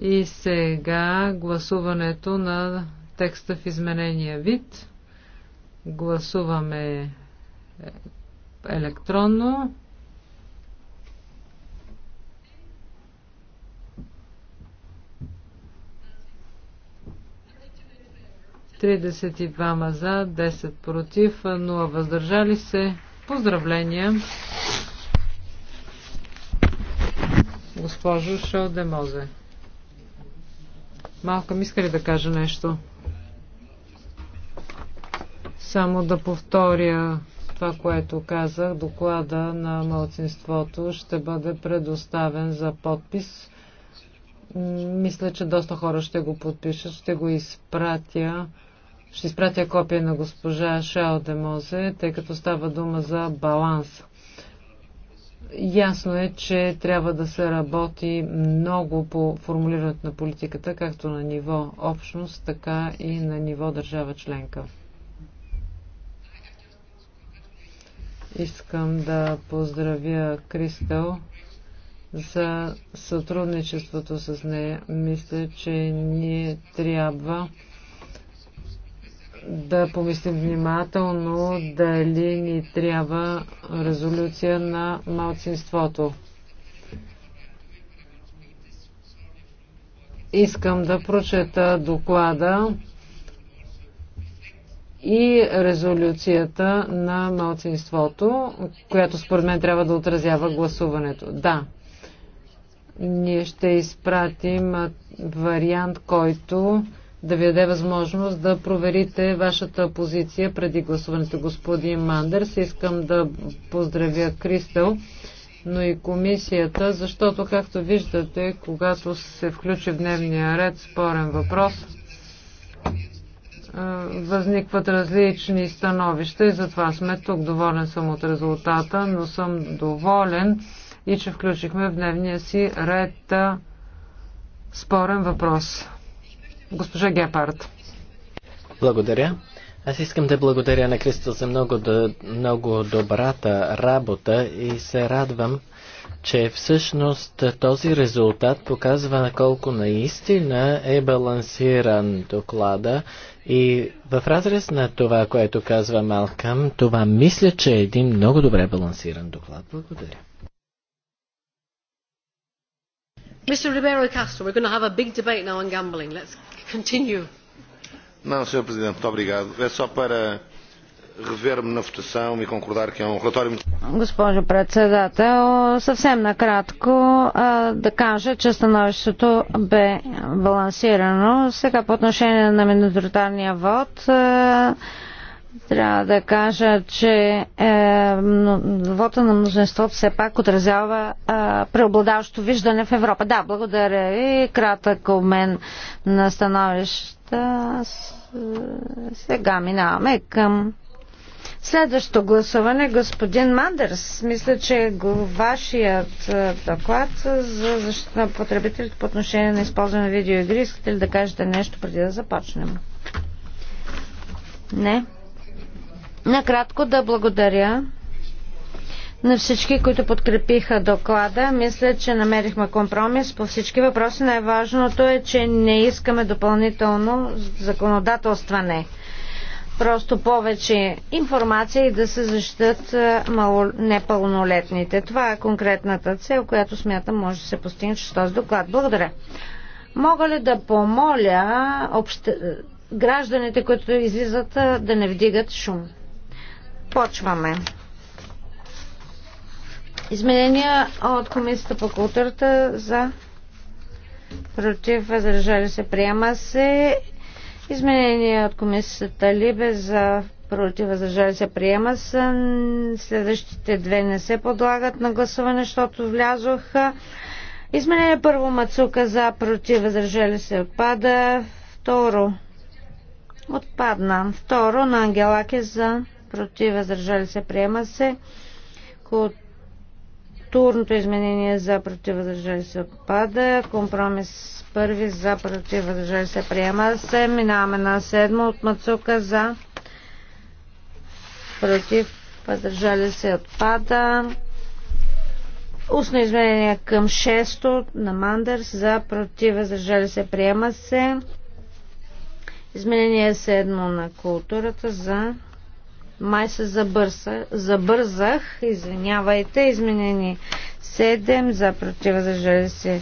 И сега гласуването на текста в изменения вид. Гласуваме е, електронно. 32 за, 10 против, 0 въздържали се. Поздравления! Госпожо Шалдемозе. Малка ми иска ли да кажа нещо? Само да повторя това, което казах. Доклада на мълцинството ще бъде предоставен за подпис мисля, че доста хора ще го подпишат, ще го изпратя ще изпратя копия на госпожа Шао Мозе, тъй като става дума за баланс. Ясно е, че трябва да се работи много по формулирането на политиката, както на ниво общност, така и на ниво държава членка. Искам да поздравя Кристал за сътрудничеството с нея. Мисля, че ние трябва да помислим внимателно дали ни трябва резолюция на малцинството. Искам да прочета доклада и резолюцията на малцинството, която според мен трябва да отразява гласуването. Да, ние ще изпратим вариант, който да ви даде възможност да проверите вашата позиция преди гласуването. Господин Мандерс, искам да поздравя Кристал, но и комисията, защото, както виждате, когато се включи в дневния ред спорен въпрос, възникват различни становища и затова сме тук. Доволен съм от резултата, но съм доволен и че включихме в дневния си ред спорен въпрос. Госпожа Гепард.
Благодаря. Аз искам да благодаря на Кристал за много, да, много добрата работа и се радвам, че всъщност този резултат показва колко наистина е балансиран доклада и в разрез на това, което казва Малкам, това мисля, че е един много добре балансиран доклад. Благодаря.
Mr. Ribeiro Castro, we're going to have a big debate now on gambling. Let's Continue.
Não, Sr. Presidente, muito obrigado. É só para rever-me na votação
e concordar que é um relatório muito...
Госпожо председател, съвсем накратко а, да кажа, че становището бе балансирано. Сега по отношение на миноритарния вод а, трябва да кажа, че е, вота на мнозинството все пак отразява е, преобладаващо виждане в Европа. Да, благодаря ви. Кратък обмен на становища. Е, сега минаваме към Следващото гласуване, господин Мандърс, мисля, че е вашият е, доклад за защита на потребителите по отношение на използване на видеоигри, искате ли да кажете нещо преди да започнем? Не. Накратко да благодаря на всички, които подкрепиха доклада. Мисля, че намерихме компромис по всички въпроси. Най-важното е, че не искаме допълнително законодателстване. Просто повече информация и да се защитат непълнолетните. Това е конкретната цел, която смятам може да се постигне с този доклад. Благодаря. Мога ли да помоля обще... гражданите, които излизат, да не вдигат шум? Започваме. Изменения от Комисията по културата за против възражали се приема се. Изменения от Комисията Либе за против възражали се приема се. Следващите две не се подлагат на гласуване, защото влязоха. Изменение първо Мацука за против въздържали се отпада. Второ отпадна. Второ на Ангелаке за против, въздържали се, приема се. Културното изменение за против, въздържали се, отпада. Компромис първи за против, въздържали се, приема се. Минаваме на седмо от Мацука за против, въздържали се, отпада. Устно изменение към 6 на Мандърс за против, въздържали се, приема се. Изменение 7 на културата за май се забърса, забързах, извинявайте, изменени 7 за противозажали се.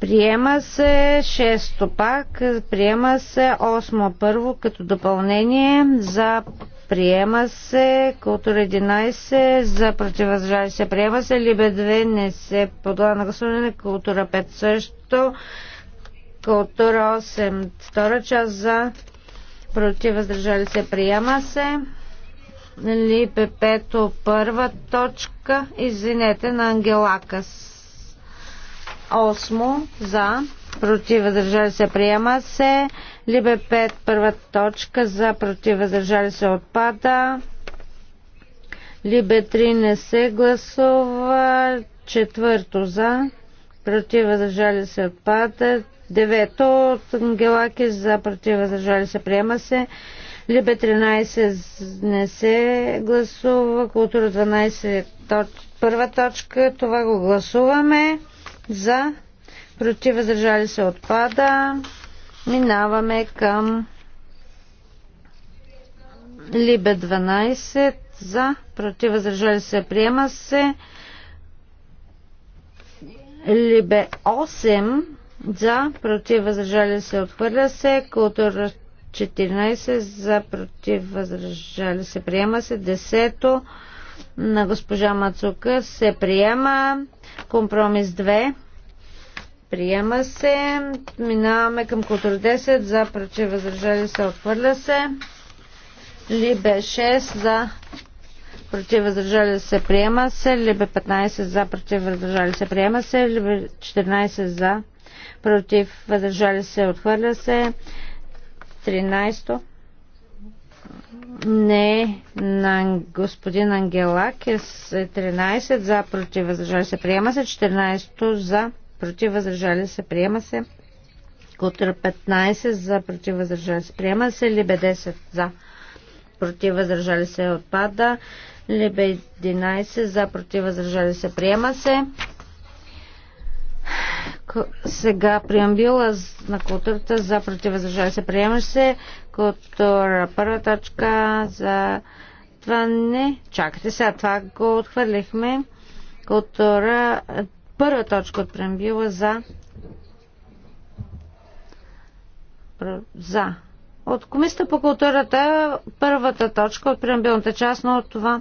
Приема се 6 пак, приема се 8 първо като допълнение за приема се, култура 11 за противозажали се приема се, либе 2 не се подлага на гласуване, култура 5 също, култура 8 втора част за против въздържали се приема се. Ли пето първа точка, извинете, на Ангелакас. Осмо за, против въздържали се приема се. Либе 5 първа точка за, против въздържали се отпада. Либе 3 не се гласува. Четвърто за, против въздържали се отпада. Девето от Ангелаки за против възражали се приема се. Либе 13 не се гласува. Култура 12 точ... първа точка. Това го гласуваме. За против възражали се отпада. Минаваме към Либе 12 за против възражали се приема се. Либе 8 за, против, възражали се, отхвърля се. Култура 14 за, против, възражали се, приема се. Десето на госпожа Мацука се приема. Компромис 2. Приема се. Минаваме към култура 10 за, против, възражали се, отхвърля се. Либе 6 за, против въздържали се приема се, либе 15 за против въздържали се приема се, либе 14 за против, въздържали се, отхвърля се. 13 не на господин Ангелак е 13 за против въздържали се приема се 14 за против въздържали се приема се Кутър 15 за против въздържали се приема се Либе 10 за против въздържали се отпада Либе 11 за против въздържали се приема се сега преамбила на културата за противозажаване се. Приемаш се култура. Първа точка за това не. Чакайте сега, това го отхвърлихме. Култура. Първа точка от преамбила за за. От Комисията по културата първата точка от преамбилната част, но от това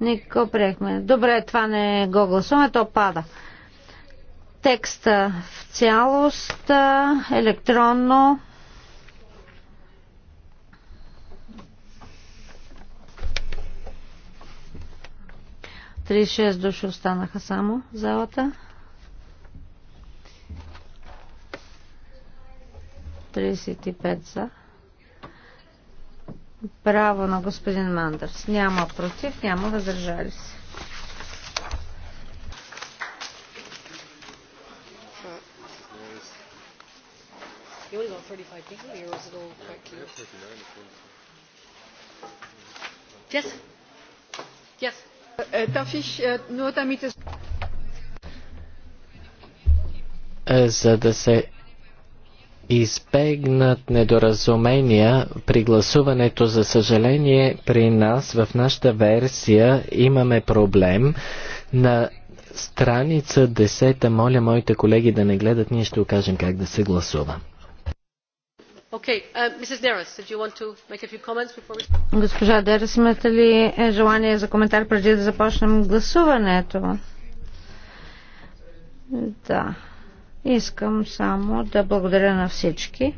не го приехме. Добре, това не го гласуваме, то пада. Текста в цялост електронно. Три шест души останаха само в залата. 35 за. Право на господин Мандърс. Няма против, няма въздържали се.
35 people here, or is it all quite clear? Yes. Yes. Darf ich nur damit es
за да се избегнат недоразумения при гласуването. За съжаление, при нас в нашата версия имаме проблем на страница 10. Моля моите колеги да не гледат, ние ще окажем как да се гласува.
Uh,
Госпожа Дерес, имате
ли е, желание за коментар преди да започнем гласуването? Да. Искам само да благодаря на всички.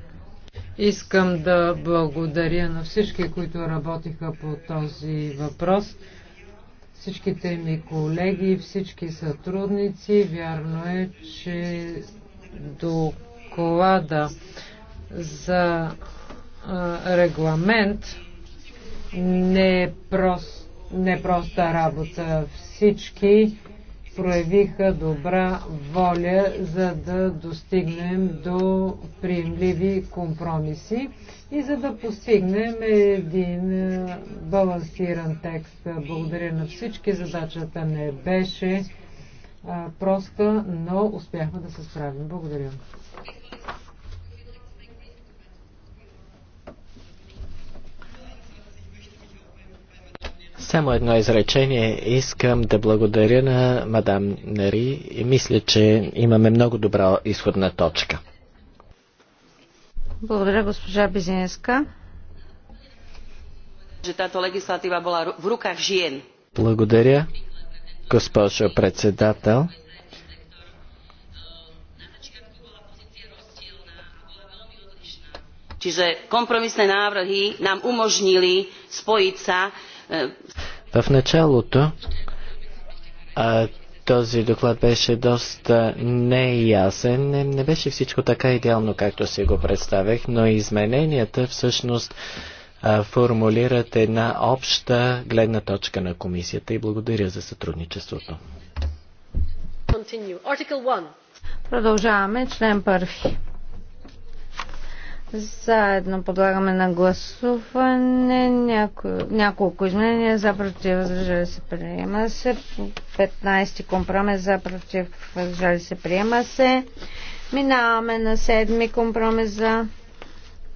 Искам да благодаря на всички, които работиха по този въпрос. Всичките ми колеги, всички сътрудници. Вярно е, че доклада за регламент не е, прост, не е проста работа. Всички проявиха добра воля, за да достигнем до приемливи компромиси и за да постигнем един балансиран текст. Благодаря на всички. Задачата не беше проста, но успяхме да се справим. Благодаря.
Само едно изречение. Искам да благодаря на мадам Нари и мисля, че имаме много добра изходна точка.
Благодаря, госпожа Безинска.
легислатива била
в руках Бизинска.
Благодаря, госпожо председател.
Чиже компромисни návrhy нам umožnili spojiť sa
е, в началото а, този доклад беше доста неясен. Не, не беше всичко така идеално, както си го представях, но измененията всъщност а, формулират една обща гледна точка на комисията и благодаря за сътрудничеството.
Продължаваме член първи. Заедно подлагаме на гласуване няко... няколко изменения за против въздържали се приема се. 15 ти компромис за против въздържали се приема се. Минаваме на 7 компромис за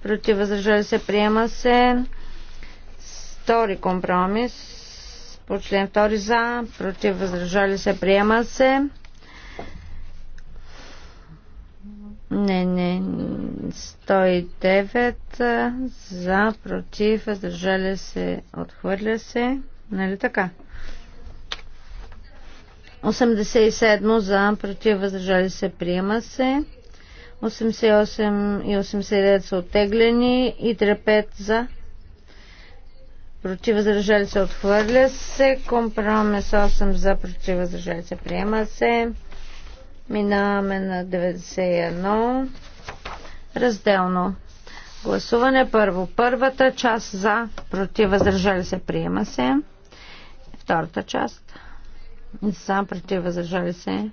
против въздържали се приема се. Втори компромис по член 2 за против въздържали се приема се. Не, не. 109 за, против, въздържали се, отхвърля се. Нали така? 87 за, против, въздържали се, приема се. 88 и 89 са оттеглени и 35 за. Против въздържали се отхвърля се. Компромис 8 за против въздържали се приема се. Минаваме на 91. Разделно. Гласуване първо. Първата част за, против, въздържали се, приема се. Втората част за, против, въздържали се.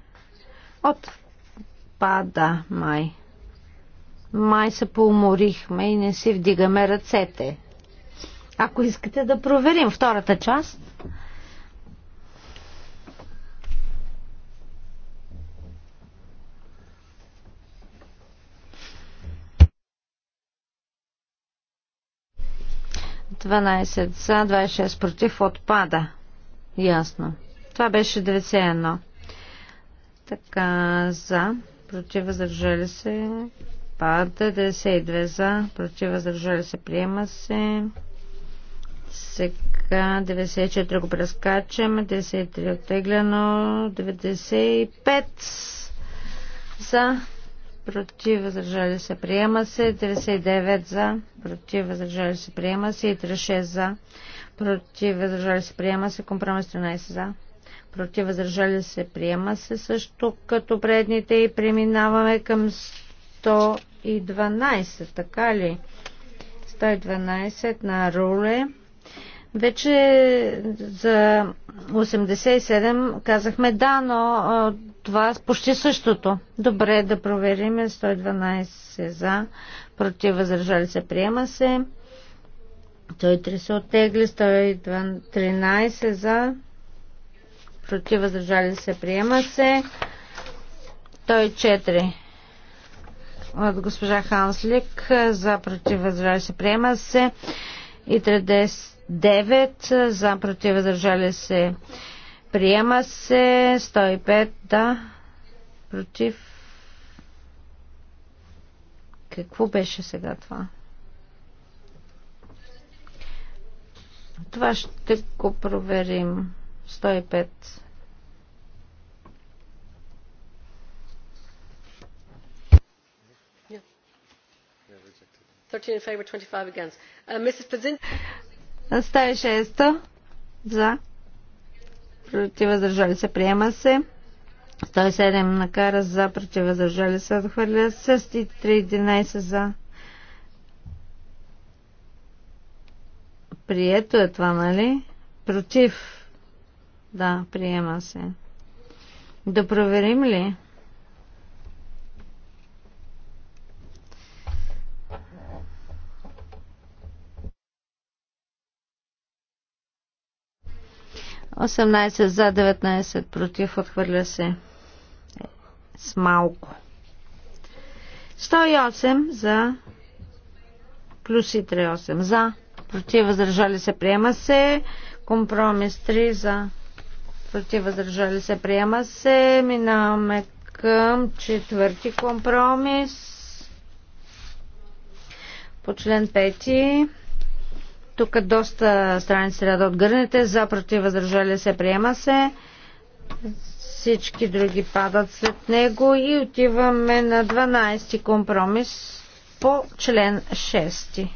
Отпада май. Май се поуморихме и не си вдигаме ръцете. Ако искате да проверим втората част, 12 за, 26 против, отпада. Ясно. Това беше 91. Така, за, против, въздържали се, пада, 92 за, против, въздържали се, приема се. Сега 94 го прескачаме, 93 оттеглено, 95 за, против, възражали се, приема се. 39 за, против, възражали се, приема се. И 36 за, против, възражали се, приема се. Компромис 13 за, против, възражали се, приема се също като предните и преминаваме към 112, така ли? 112 на руле вече за 87 казахме да, но това е почти същото. Добре е да проверим. 112 е за, против възражали се, приема се. 103 се оттегли, 113 за, против възражали се, приема се. 104 от госпожа Ханслик за против въздържали се, приема се. И 30 9 за против въздържали се приема се 105 да против какво беше сега това? Това ще го проверим. 105.
13 in favor, 25 against. Uh, Mrs. Pazin...
106 за. Против въздържали се. Приема се. 107 накара за. Против въздържали се. Отхвърля се. 311 за. Прието е това, нали? Против. Да, приема се. Да проверим ли? 18 за 19 против отхвърля се с малко. 108 за плюс и 38 за против възражали се приема се компромис 3 за против възражали се приема се минаваме към четвърти компромис по член 5 тук доста страници трябва да отгърнете. За против въздържали се приема се. Всички други падат след него и отиваме на 12 компромис по член 6.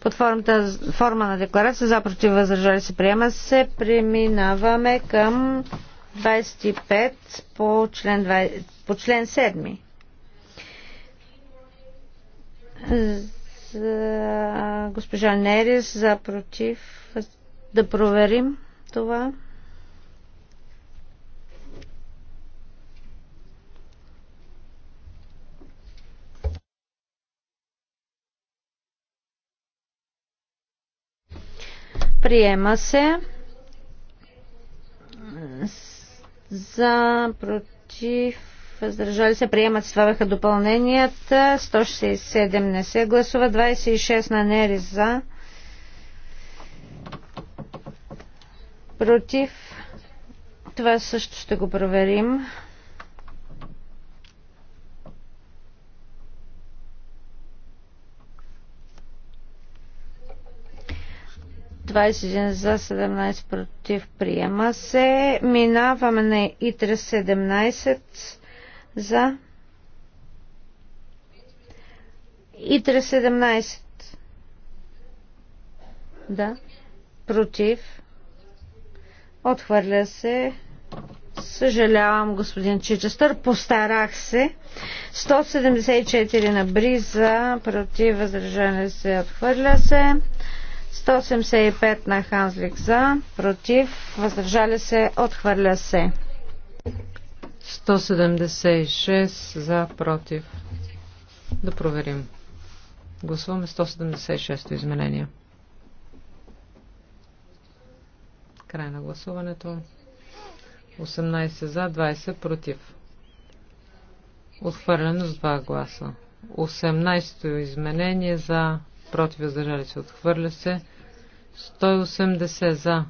Под формата, форма на декларация за против въздържали се приема се. Преминаваме към 25 по член, 20, по член 7 госпожа Нерис, за против. Да проверим това. Приема се за против въздържали се, приемат се, това допълненията, 167 не се гласува, 26 на Нери за, против, това също ще го проверим. за 17 против приема се. Минаваме на ИТР 17 за. Итре 17. Да. Против. Отхвърля се. Съжалявам, господин Чичестър. Постарах се. 174 на Бриза. Против. Въздържане се. Отхвърля се. 175 на Ханзлик за. Против. възражали се. Отхвърля се.
176 за, против. Да проверим. Гласуваме 176-то изменение. Край на гласуването. 18 за, 20 против. Отхвърлено с 2 гласа. 18-то изменение за, против, въздържали се, отхвърля се. 180 за,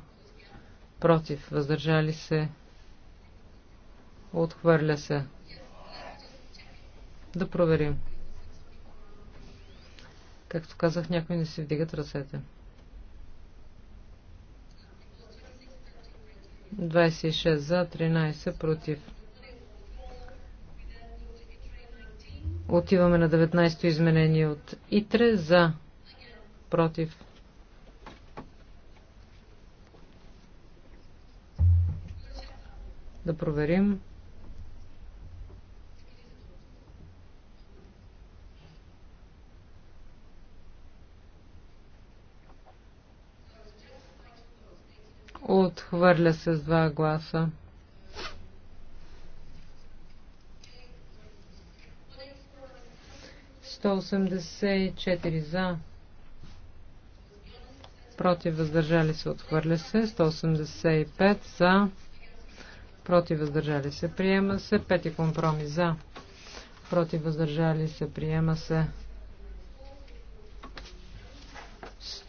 против, въздържали се, Отхвърля се. Да проверим. Както казах, някои не си вдигат ръцете. 26 за, 13 против. Отиваме на 19-то изменение от ИТРЕ за, против. Да проверим. Отхвърля се с два гласа. Сто за. Против въздържали се. Отхвърля се. 185 за. Против въздържали се. Приема се. Пети компромис за. Против въздържали се. Приема се.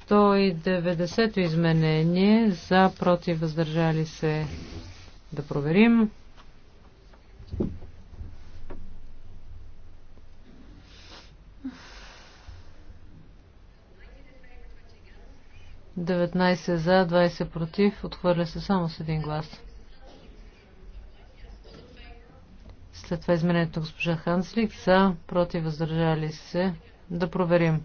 190-то изменение за против въздържали се да проверим. Деветнайсет за, 20 против, отхвърля се само с един глас. След това изменението на госпожа Ханслик за, против, въздържали се. Да проверим.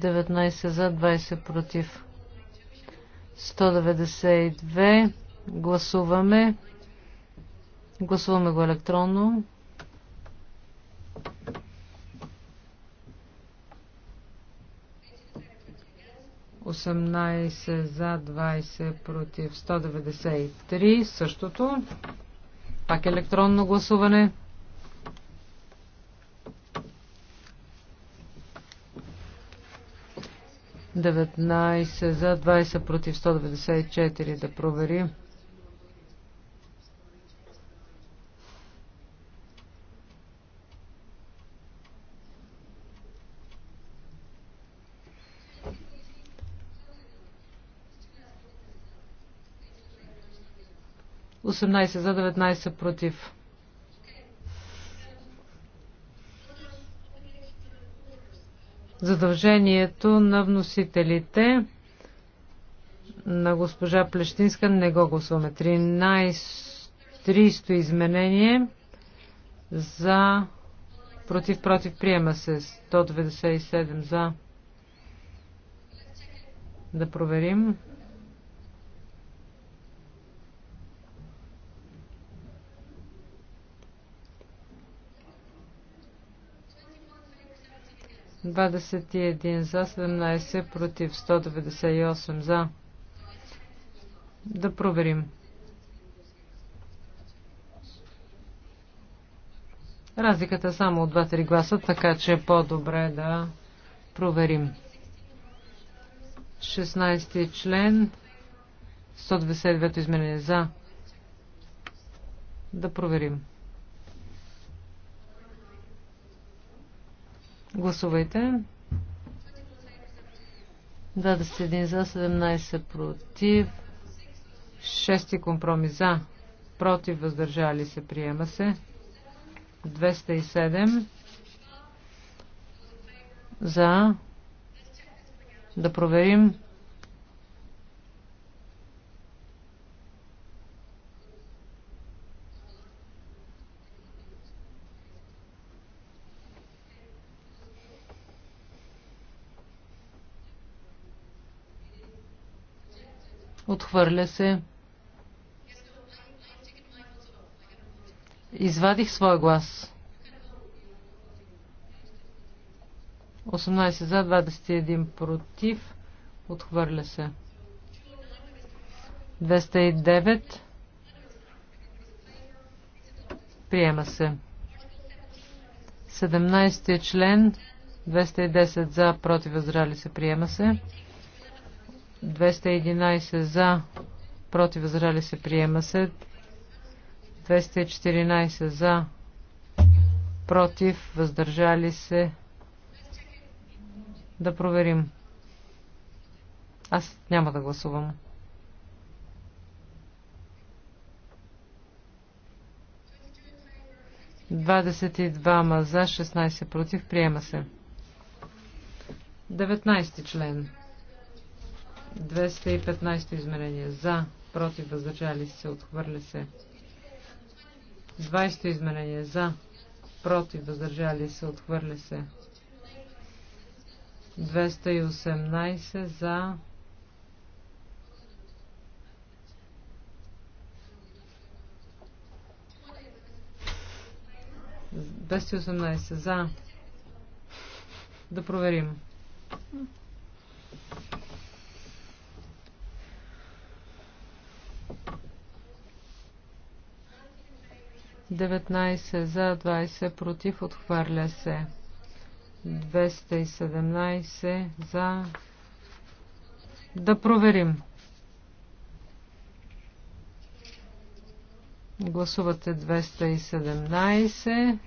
19 за, 20 против. 192. Гласуваме. Гласуваме го електронно. Осемнайсет за, 20 против, 193. Същото. Пак електронно гласуване. 19 за, 20 против 194. Да проверим. Осемнайсет за, 19 против. задължението на вносителите на госпожа Плещинска не го гласуваме. 13 то изменение за против против приема се 197 за да проверим. 21 за, 17 против, 198 за. Да проверим. Разликата е само от 2-3 гласа, така че е по-добре да проверим. 16 член, 129 изменение за. Да проверим. Гласувайте. 21 за, 17 против, 6 компромис за, против, въздържали се, приема се. 207 за, да проверим Отхвърля се. Извадих своя глас. 18 за, 21 против. Отхвърля се. 209. Приема се. 17 член. 210 за, против, възрали се. Приема се. 211 за, против, възражали се, приема се. 214 за, против, въздържали се. Да проверим. Аз няма да гласувам. Двадесет и двама за, 16 против, приема се. 19 член. 215 измерение. За. Против. Въздържали се. Отхвърля се. 20 измерение. За. Против. Въздържали се. Отхвърля се. 218 за. 218 за. Да проверим. 19 за, 20 против, отхвърля се. 217 за.
Да проверим.
Гласувате 217.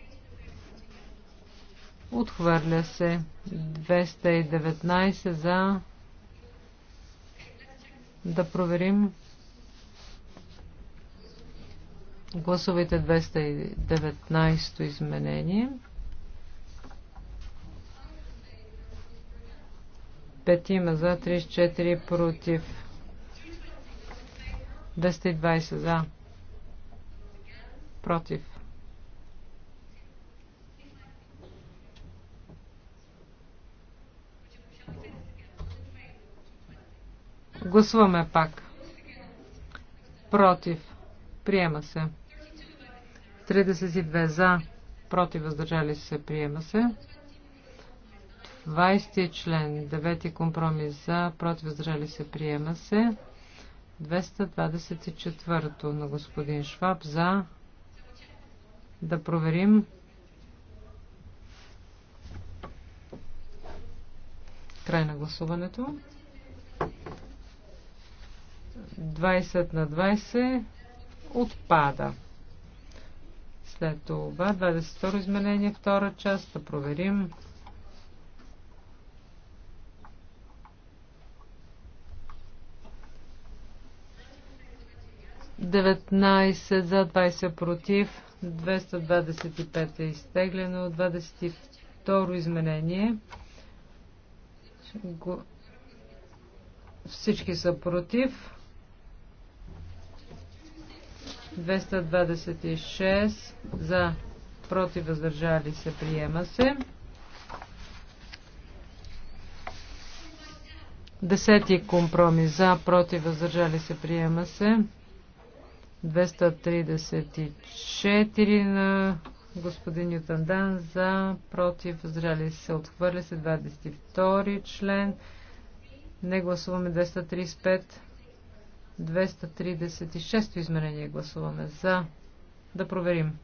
Отхвърля се. 219 за. Да проверим. Гласувайте 219 изменение. Петима за, 34 против. 220 за. Против. Гласуваме пак. Против. Приема се. 32 за, против, въздържали се, приема се. 20 член, 9 компромис за, против, въздържали се, приема се. 224 на господин Шваб за. Да проверим. Край на гласуването. 20 на 20 отпада. След това 22 изменение, втора част, да проверим. Деветнайсет за 20 против, 225 е изтеглено, 22 изменение. Всички са против. 226 за против въздържали се приема се. Десети компромис за против въздържали се приема се. 234 на господин Ютандан за против въздържали се отхвърля се 22 член. Не гласуваме 235. 236 измерение гласуваме за. Да проверим.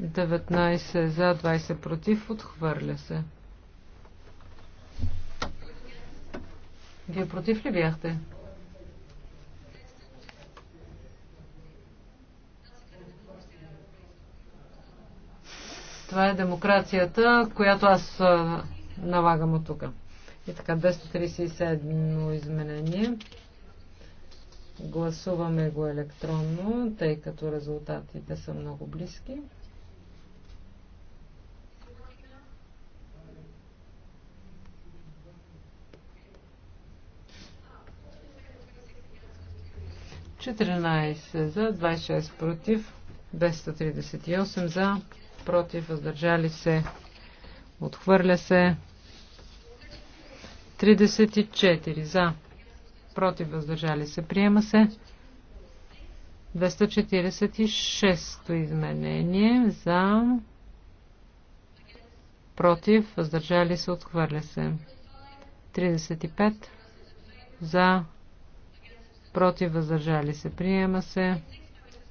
Деветнайсе за, 20 против, отхвърля се. Вие против ли бяхте? Това е демокрацията, която аз налагам от тук. И така, 237 изменение. Гласуваме го електронно, тъй като резултатите са много близки. Четиринайсет за, 26 против, 238 за против, въздържали се, отхвърля се. 34 за, против, въздържали се, приема се. 246 изменение за, против, въздържали се, отхвърля се. 35 за, против, въздържали се, приема се.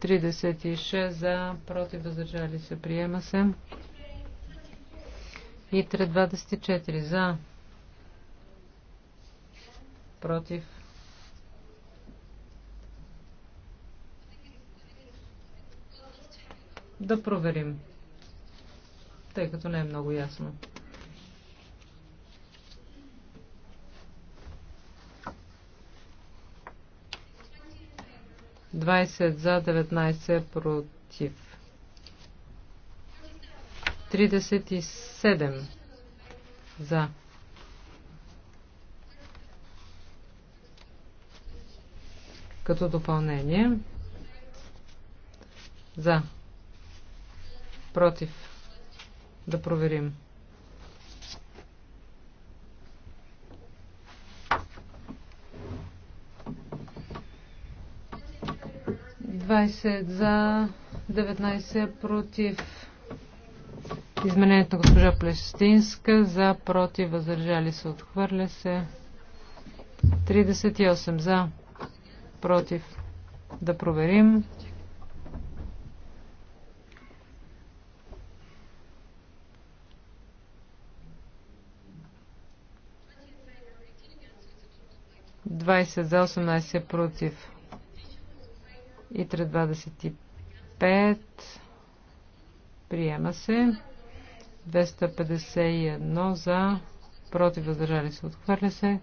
36 за, против, въздържали се, приема се. И 324 за, против. Да проверим, тъй като не е много ясно. 20 за, 19 против.
37
за. Като допълнение. За. Против. Да проверим. 20 за, 19 против. Изменението на госпожа Плещинска за, против, въздържали се, отхвърля се. 38 за, против. Да проверим. Двадесет за, 18 против. И 325 приема се. 251 за против въздържали се отхвърля се.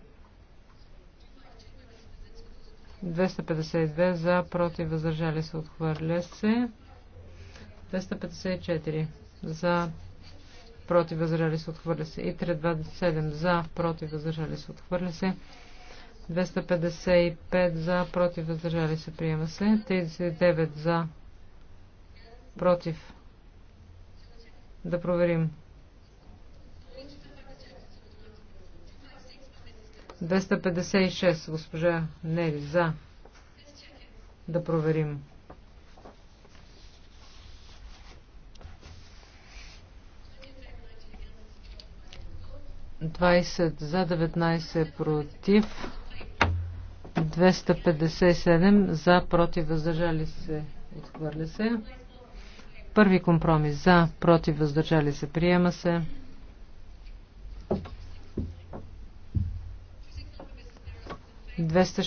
252 за против въздържали се отхвърля се. 254 за против въздържали се отхвърля се. И 327 за против въздържали се отхвърля се. 255 за, против, въздържали се, приема се. 39 за, против. Да проверим. 256, госпожа Нели, за. Да проверим. 20 за, 19 против. 257 за, против, въздържали се, отхвърля се. Първи компромис за, против, въздържали се, приема се. Двеста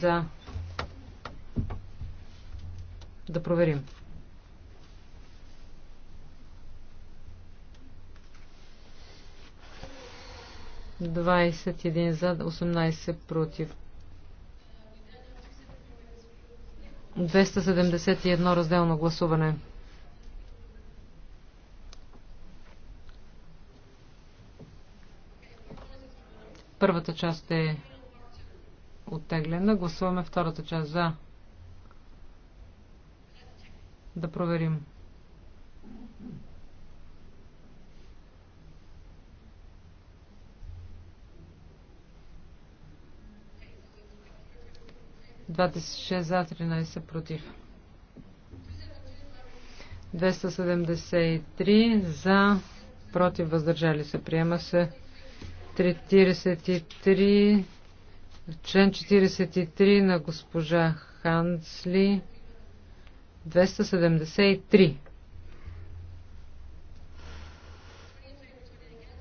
за. Да проверим. Двадесет за, 18 против. 271 разделно гласуване. Първата част е оттеглена. Гласуваме втората част за. Да проверим. 26 за, 13 против. 273 за, против, въздържали се. Приема се 33, член 43 на госпожа Хансли. 273.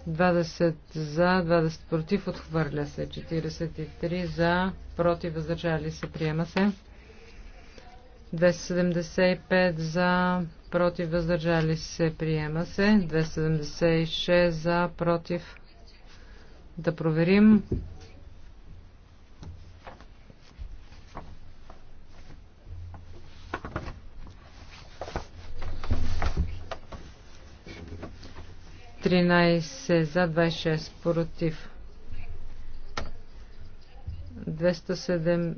20 за, 20 против, отхвърля се. 43 за, против, въздържали се, приема се. 275 за, против, въздържали се, приема се. 276 за, против. Да проверим. 13 за 26 против. 207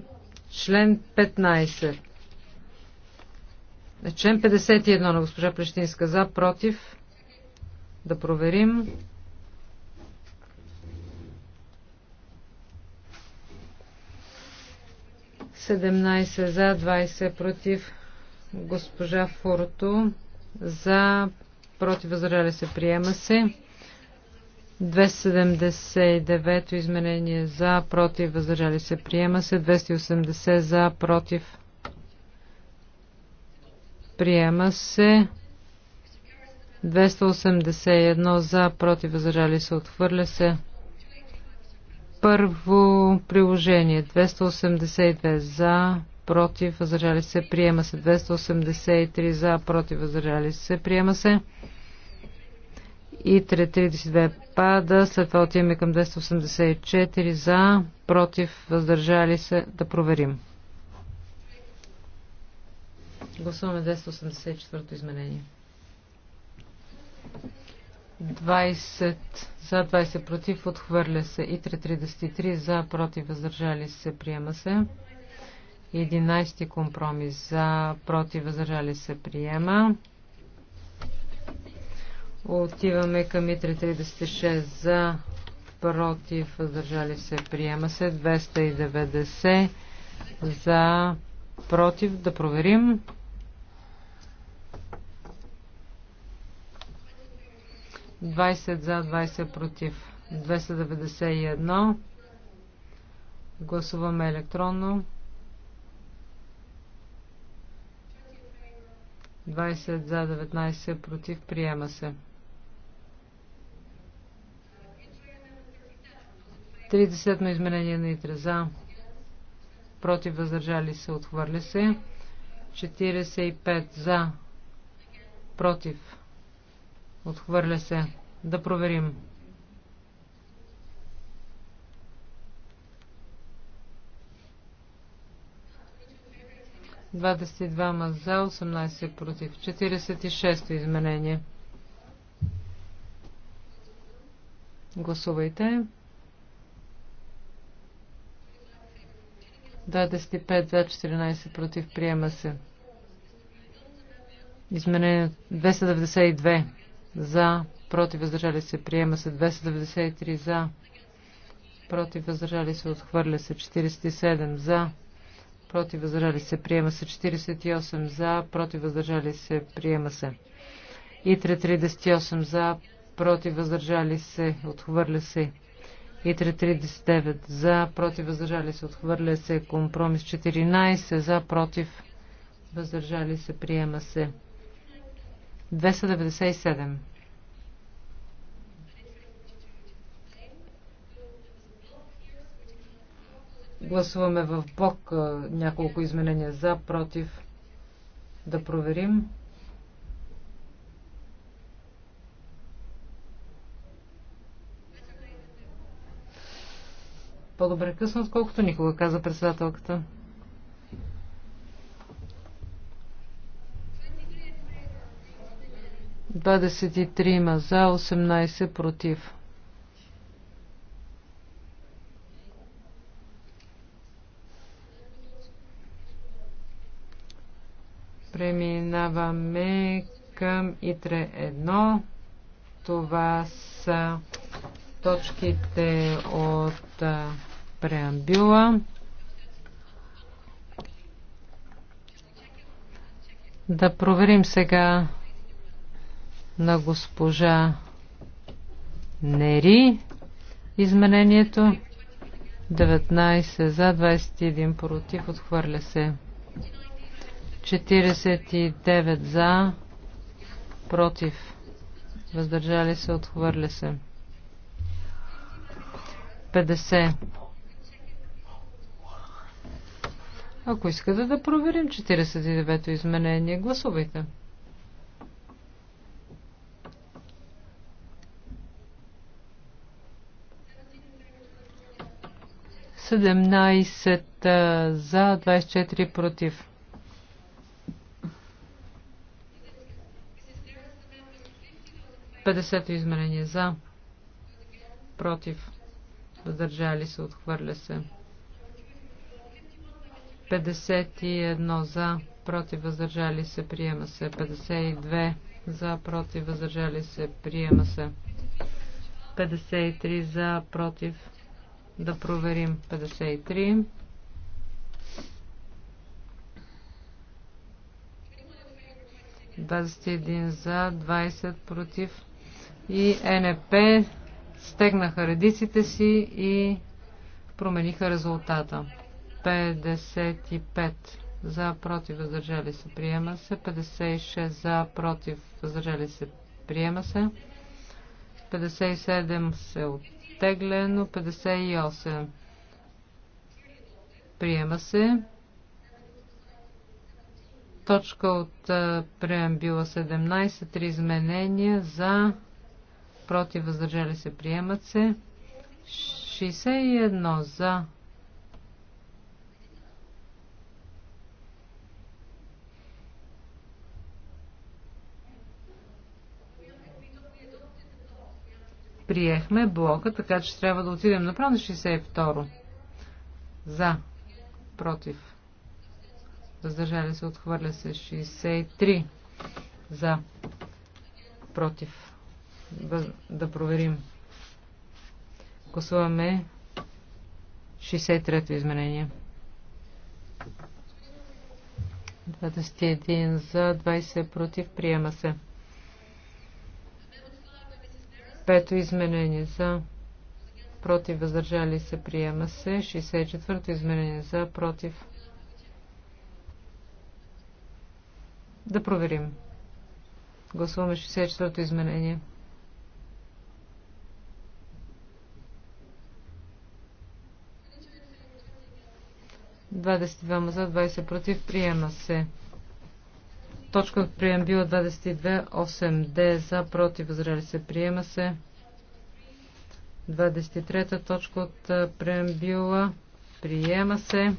член 15. Член 51 на госпожа Плещинска за против. Да проверим. Седемнайсет за, 20 против. Госпожа Форто за против, въздържали се, приема се. 279 изменение за, против, въздържали се, приема се. 280 за, против, приема се. 281 за, против, въздържали се, отхвърля се. Първо приложение 282 за, против, въздържали се, приема се. 283 за, против, въздържали се, приема се и 332 пада. След това отиваме към 284 за, против, въздържали се. Да проверим. Гласуваме 284 изменение. 20 за, 20 против, отхвърля се. И 333 за, против, въздържали се, приема се. 11 компромис за, против, въздържали се, приема. Отиваме към Митри 36 за, против, въздържали се, приема се. 290 за, против, да проверим. за, 20 против. 291. Гласуваме електронно. 20 за 19 против. Приема се. 37 изменение на Итре за. Против въздържали се. Отхвърля се. 45 за. Против. Отхвърля се. Да проверим. Двадесет двама за, 18 против. 46-то изменение. Гласувайте. 25 за 14 против приема се. Изменение 292 за против въздържали се приема се. 293 за против въздържали се отхвърля се. 47 за против въздържали се приема се. 48 за против въздържали се приема се. И 338 за против въздържали се отхвърля се и 339 за, против, въздържали се, отхвърля се, компромис 14 за, против, въздържали се, приема се. 297. Гласуваме в блок няколко изменения за, против. Да проверим. По-добре късно, отколкото никога, каза председателката. Двадесет и трима за, 18 против. Преминаваме към ИТРЕ 1. Това са точките от преамбюла. Да проверим сега на госпожа Нери изменението. 19 за, 21 против, отхвърля се. 49 за, против, въздържали се, отхвърля се. 50 Ако искате да проверим 49-то изменение, гласувайте. Седемнайсет за, 24 против. Петдесето изменение за, против, въздържали се, отхвърля се. 51 за, против въздържали се, приема се. 52 за, против въздържали се, приема се. 53 за, против. Да проверим 53. Двадесет един за, 20 против. И НП стегнаха редиците си и промениха резултата. 55 за, против, въздържали се, приема се. 56 за, против, въздържали се, приема се. 57 се оттеглено. 58 приема се. Точка от преамбила 17. Три изменения за, против, въздържали се, приемат се. 61 за, приехме блока, така че трябва да отидем направо на 62. За. Против. Въздържали се, отхвърля се 63. За. Против. Въз... Да проверим. Косуваме 63-то изменение. 21 за, 20 против, приема се. Пето изменение за против въздържали се приема се. 64-то изменение за против. Да проверим. Гласуваме 64-то изменение. Двадесет двама за, 20 против, приема се. Точка от преамбила 22, 8 Д. за, против, възрели се, приема се. 23-та точка от преамбила, приема се.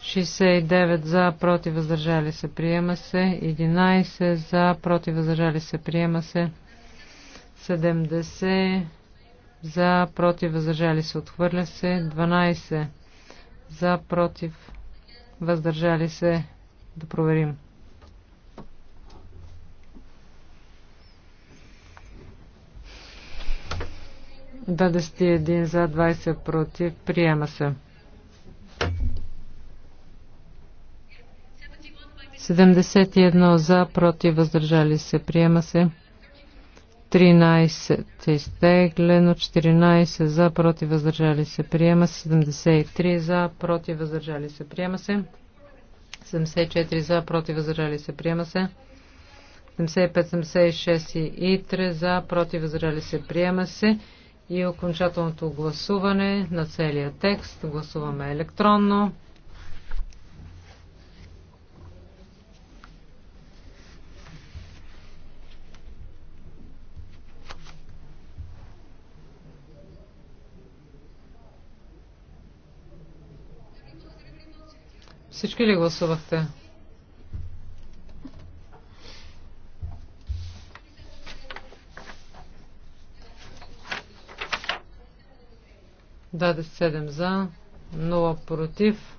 69 за, против, въздържали се, приема се. 11 за, против, въздържали се, приема се. 70 за, против, въздържали се, отхвърля се. 12 за, против, въздържали се, да проверим. Дадести един за 20 против. Приема се. 71 за, против, въздържали се, приема се. 13 изтеглено, 14 за, против, въздържали се, приема се. 73 за, против, въздържали се, приема се. 74 за, против, възрели се, приема се. 75-76 и 3 за, против, възрели се, приема се. И окончателното гласуване на целия текст. Гласуваме електронно. Всички ли гласувахте? Даде 7 за, 0 против,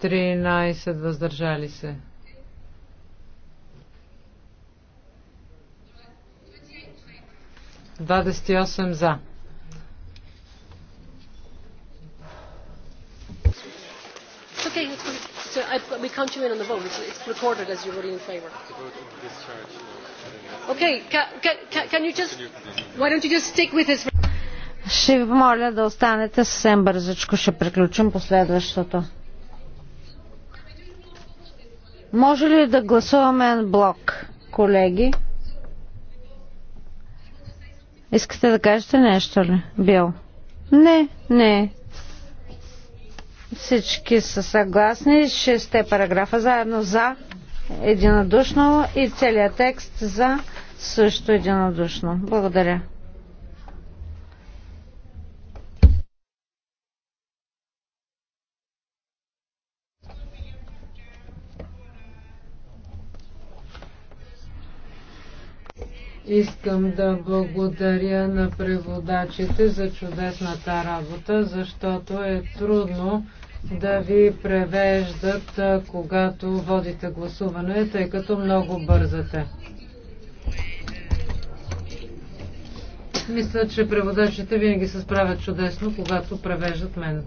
13 въздържали се. Двадесет и осем за.
I, we count you in on the vote. It's, it's recorded as you voting in favour. Uh, okay, can, can, can you just... Why don't you just stick with this?
Ще ви помоля да останете съвсем бързичко. Ще приключим последващото. Може ли да гласуваме блок, колеги? Искате да кажете нещо ли? Бил. Не, не. Всички са съгласни. Шесте параграфа заедно за единодушно и целият текст за също единодушно. Благодаря.
Искам да благодаря на преводачите за чудесната работа, защото е трудно да ви превеждат, когато водите гласуване, тъй като много бързате. Мисля, че преводачите винаги се справят чудесно, когато превеждат мен.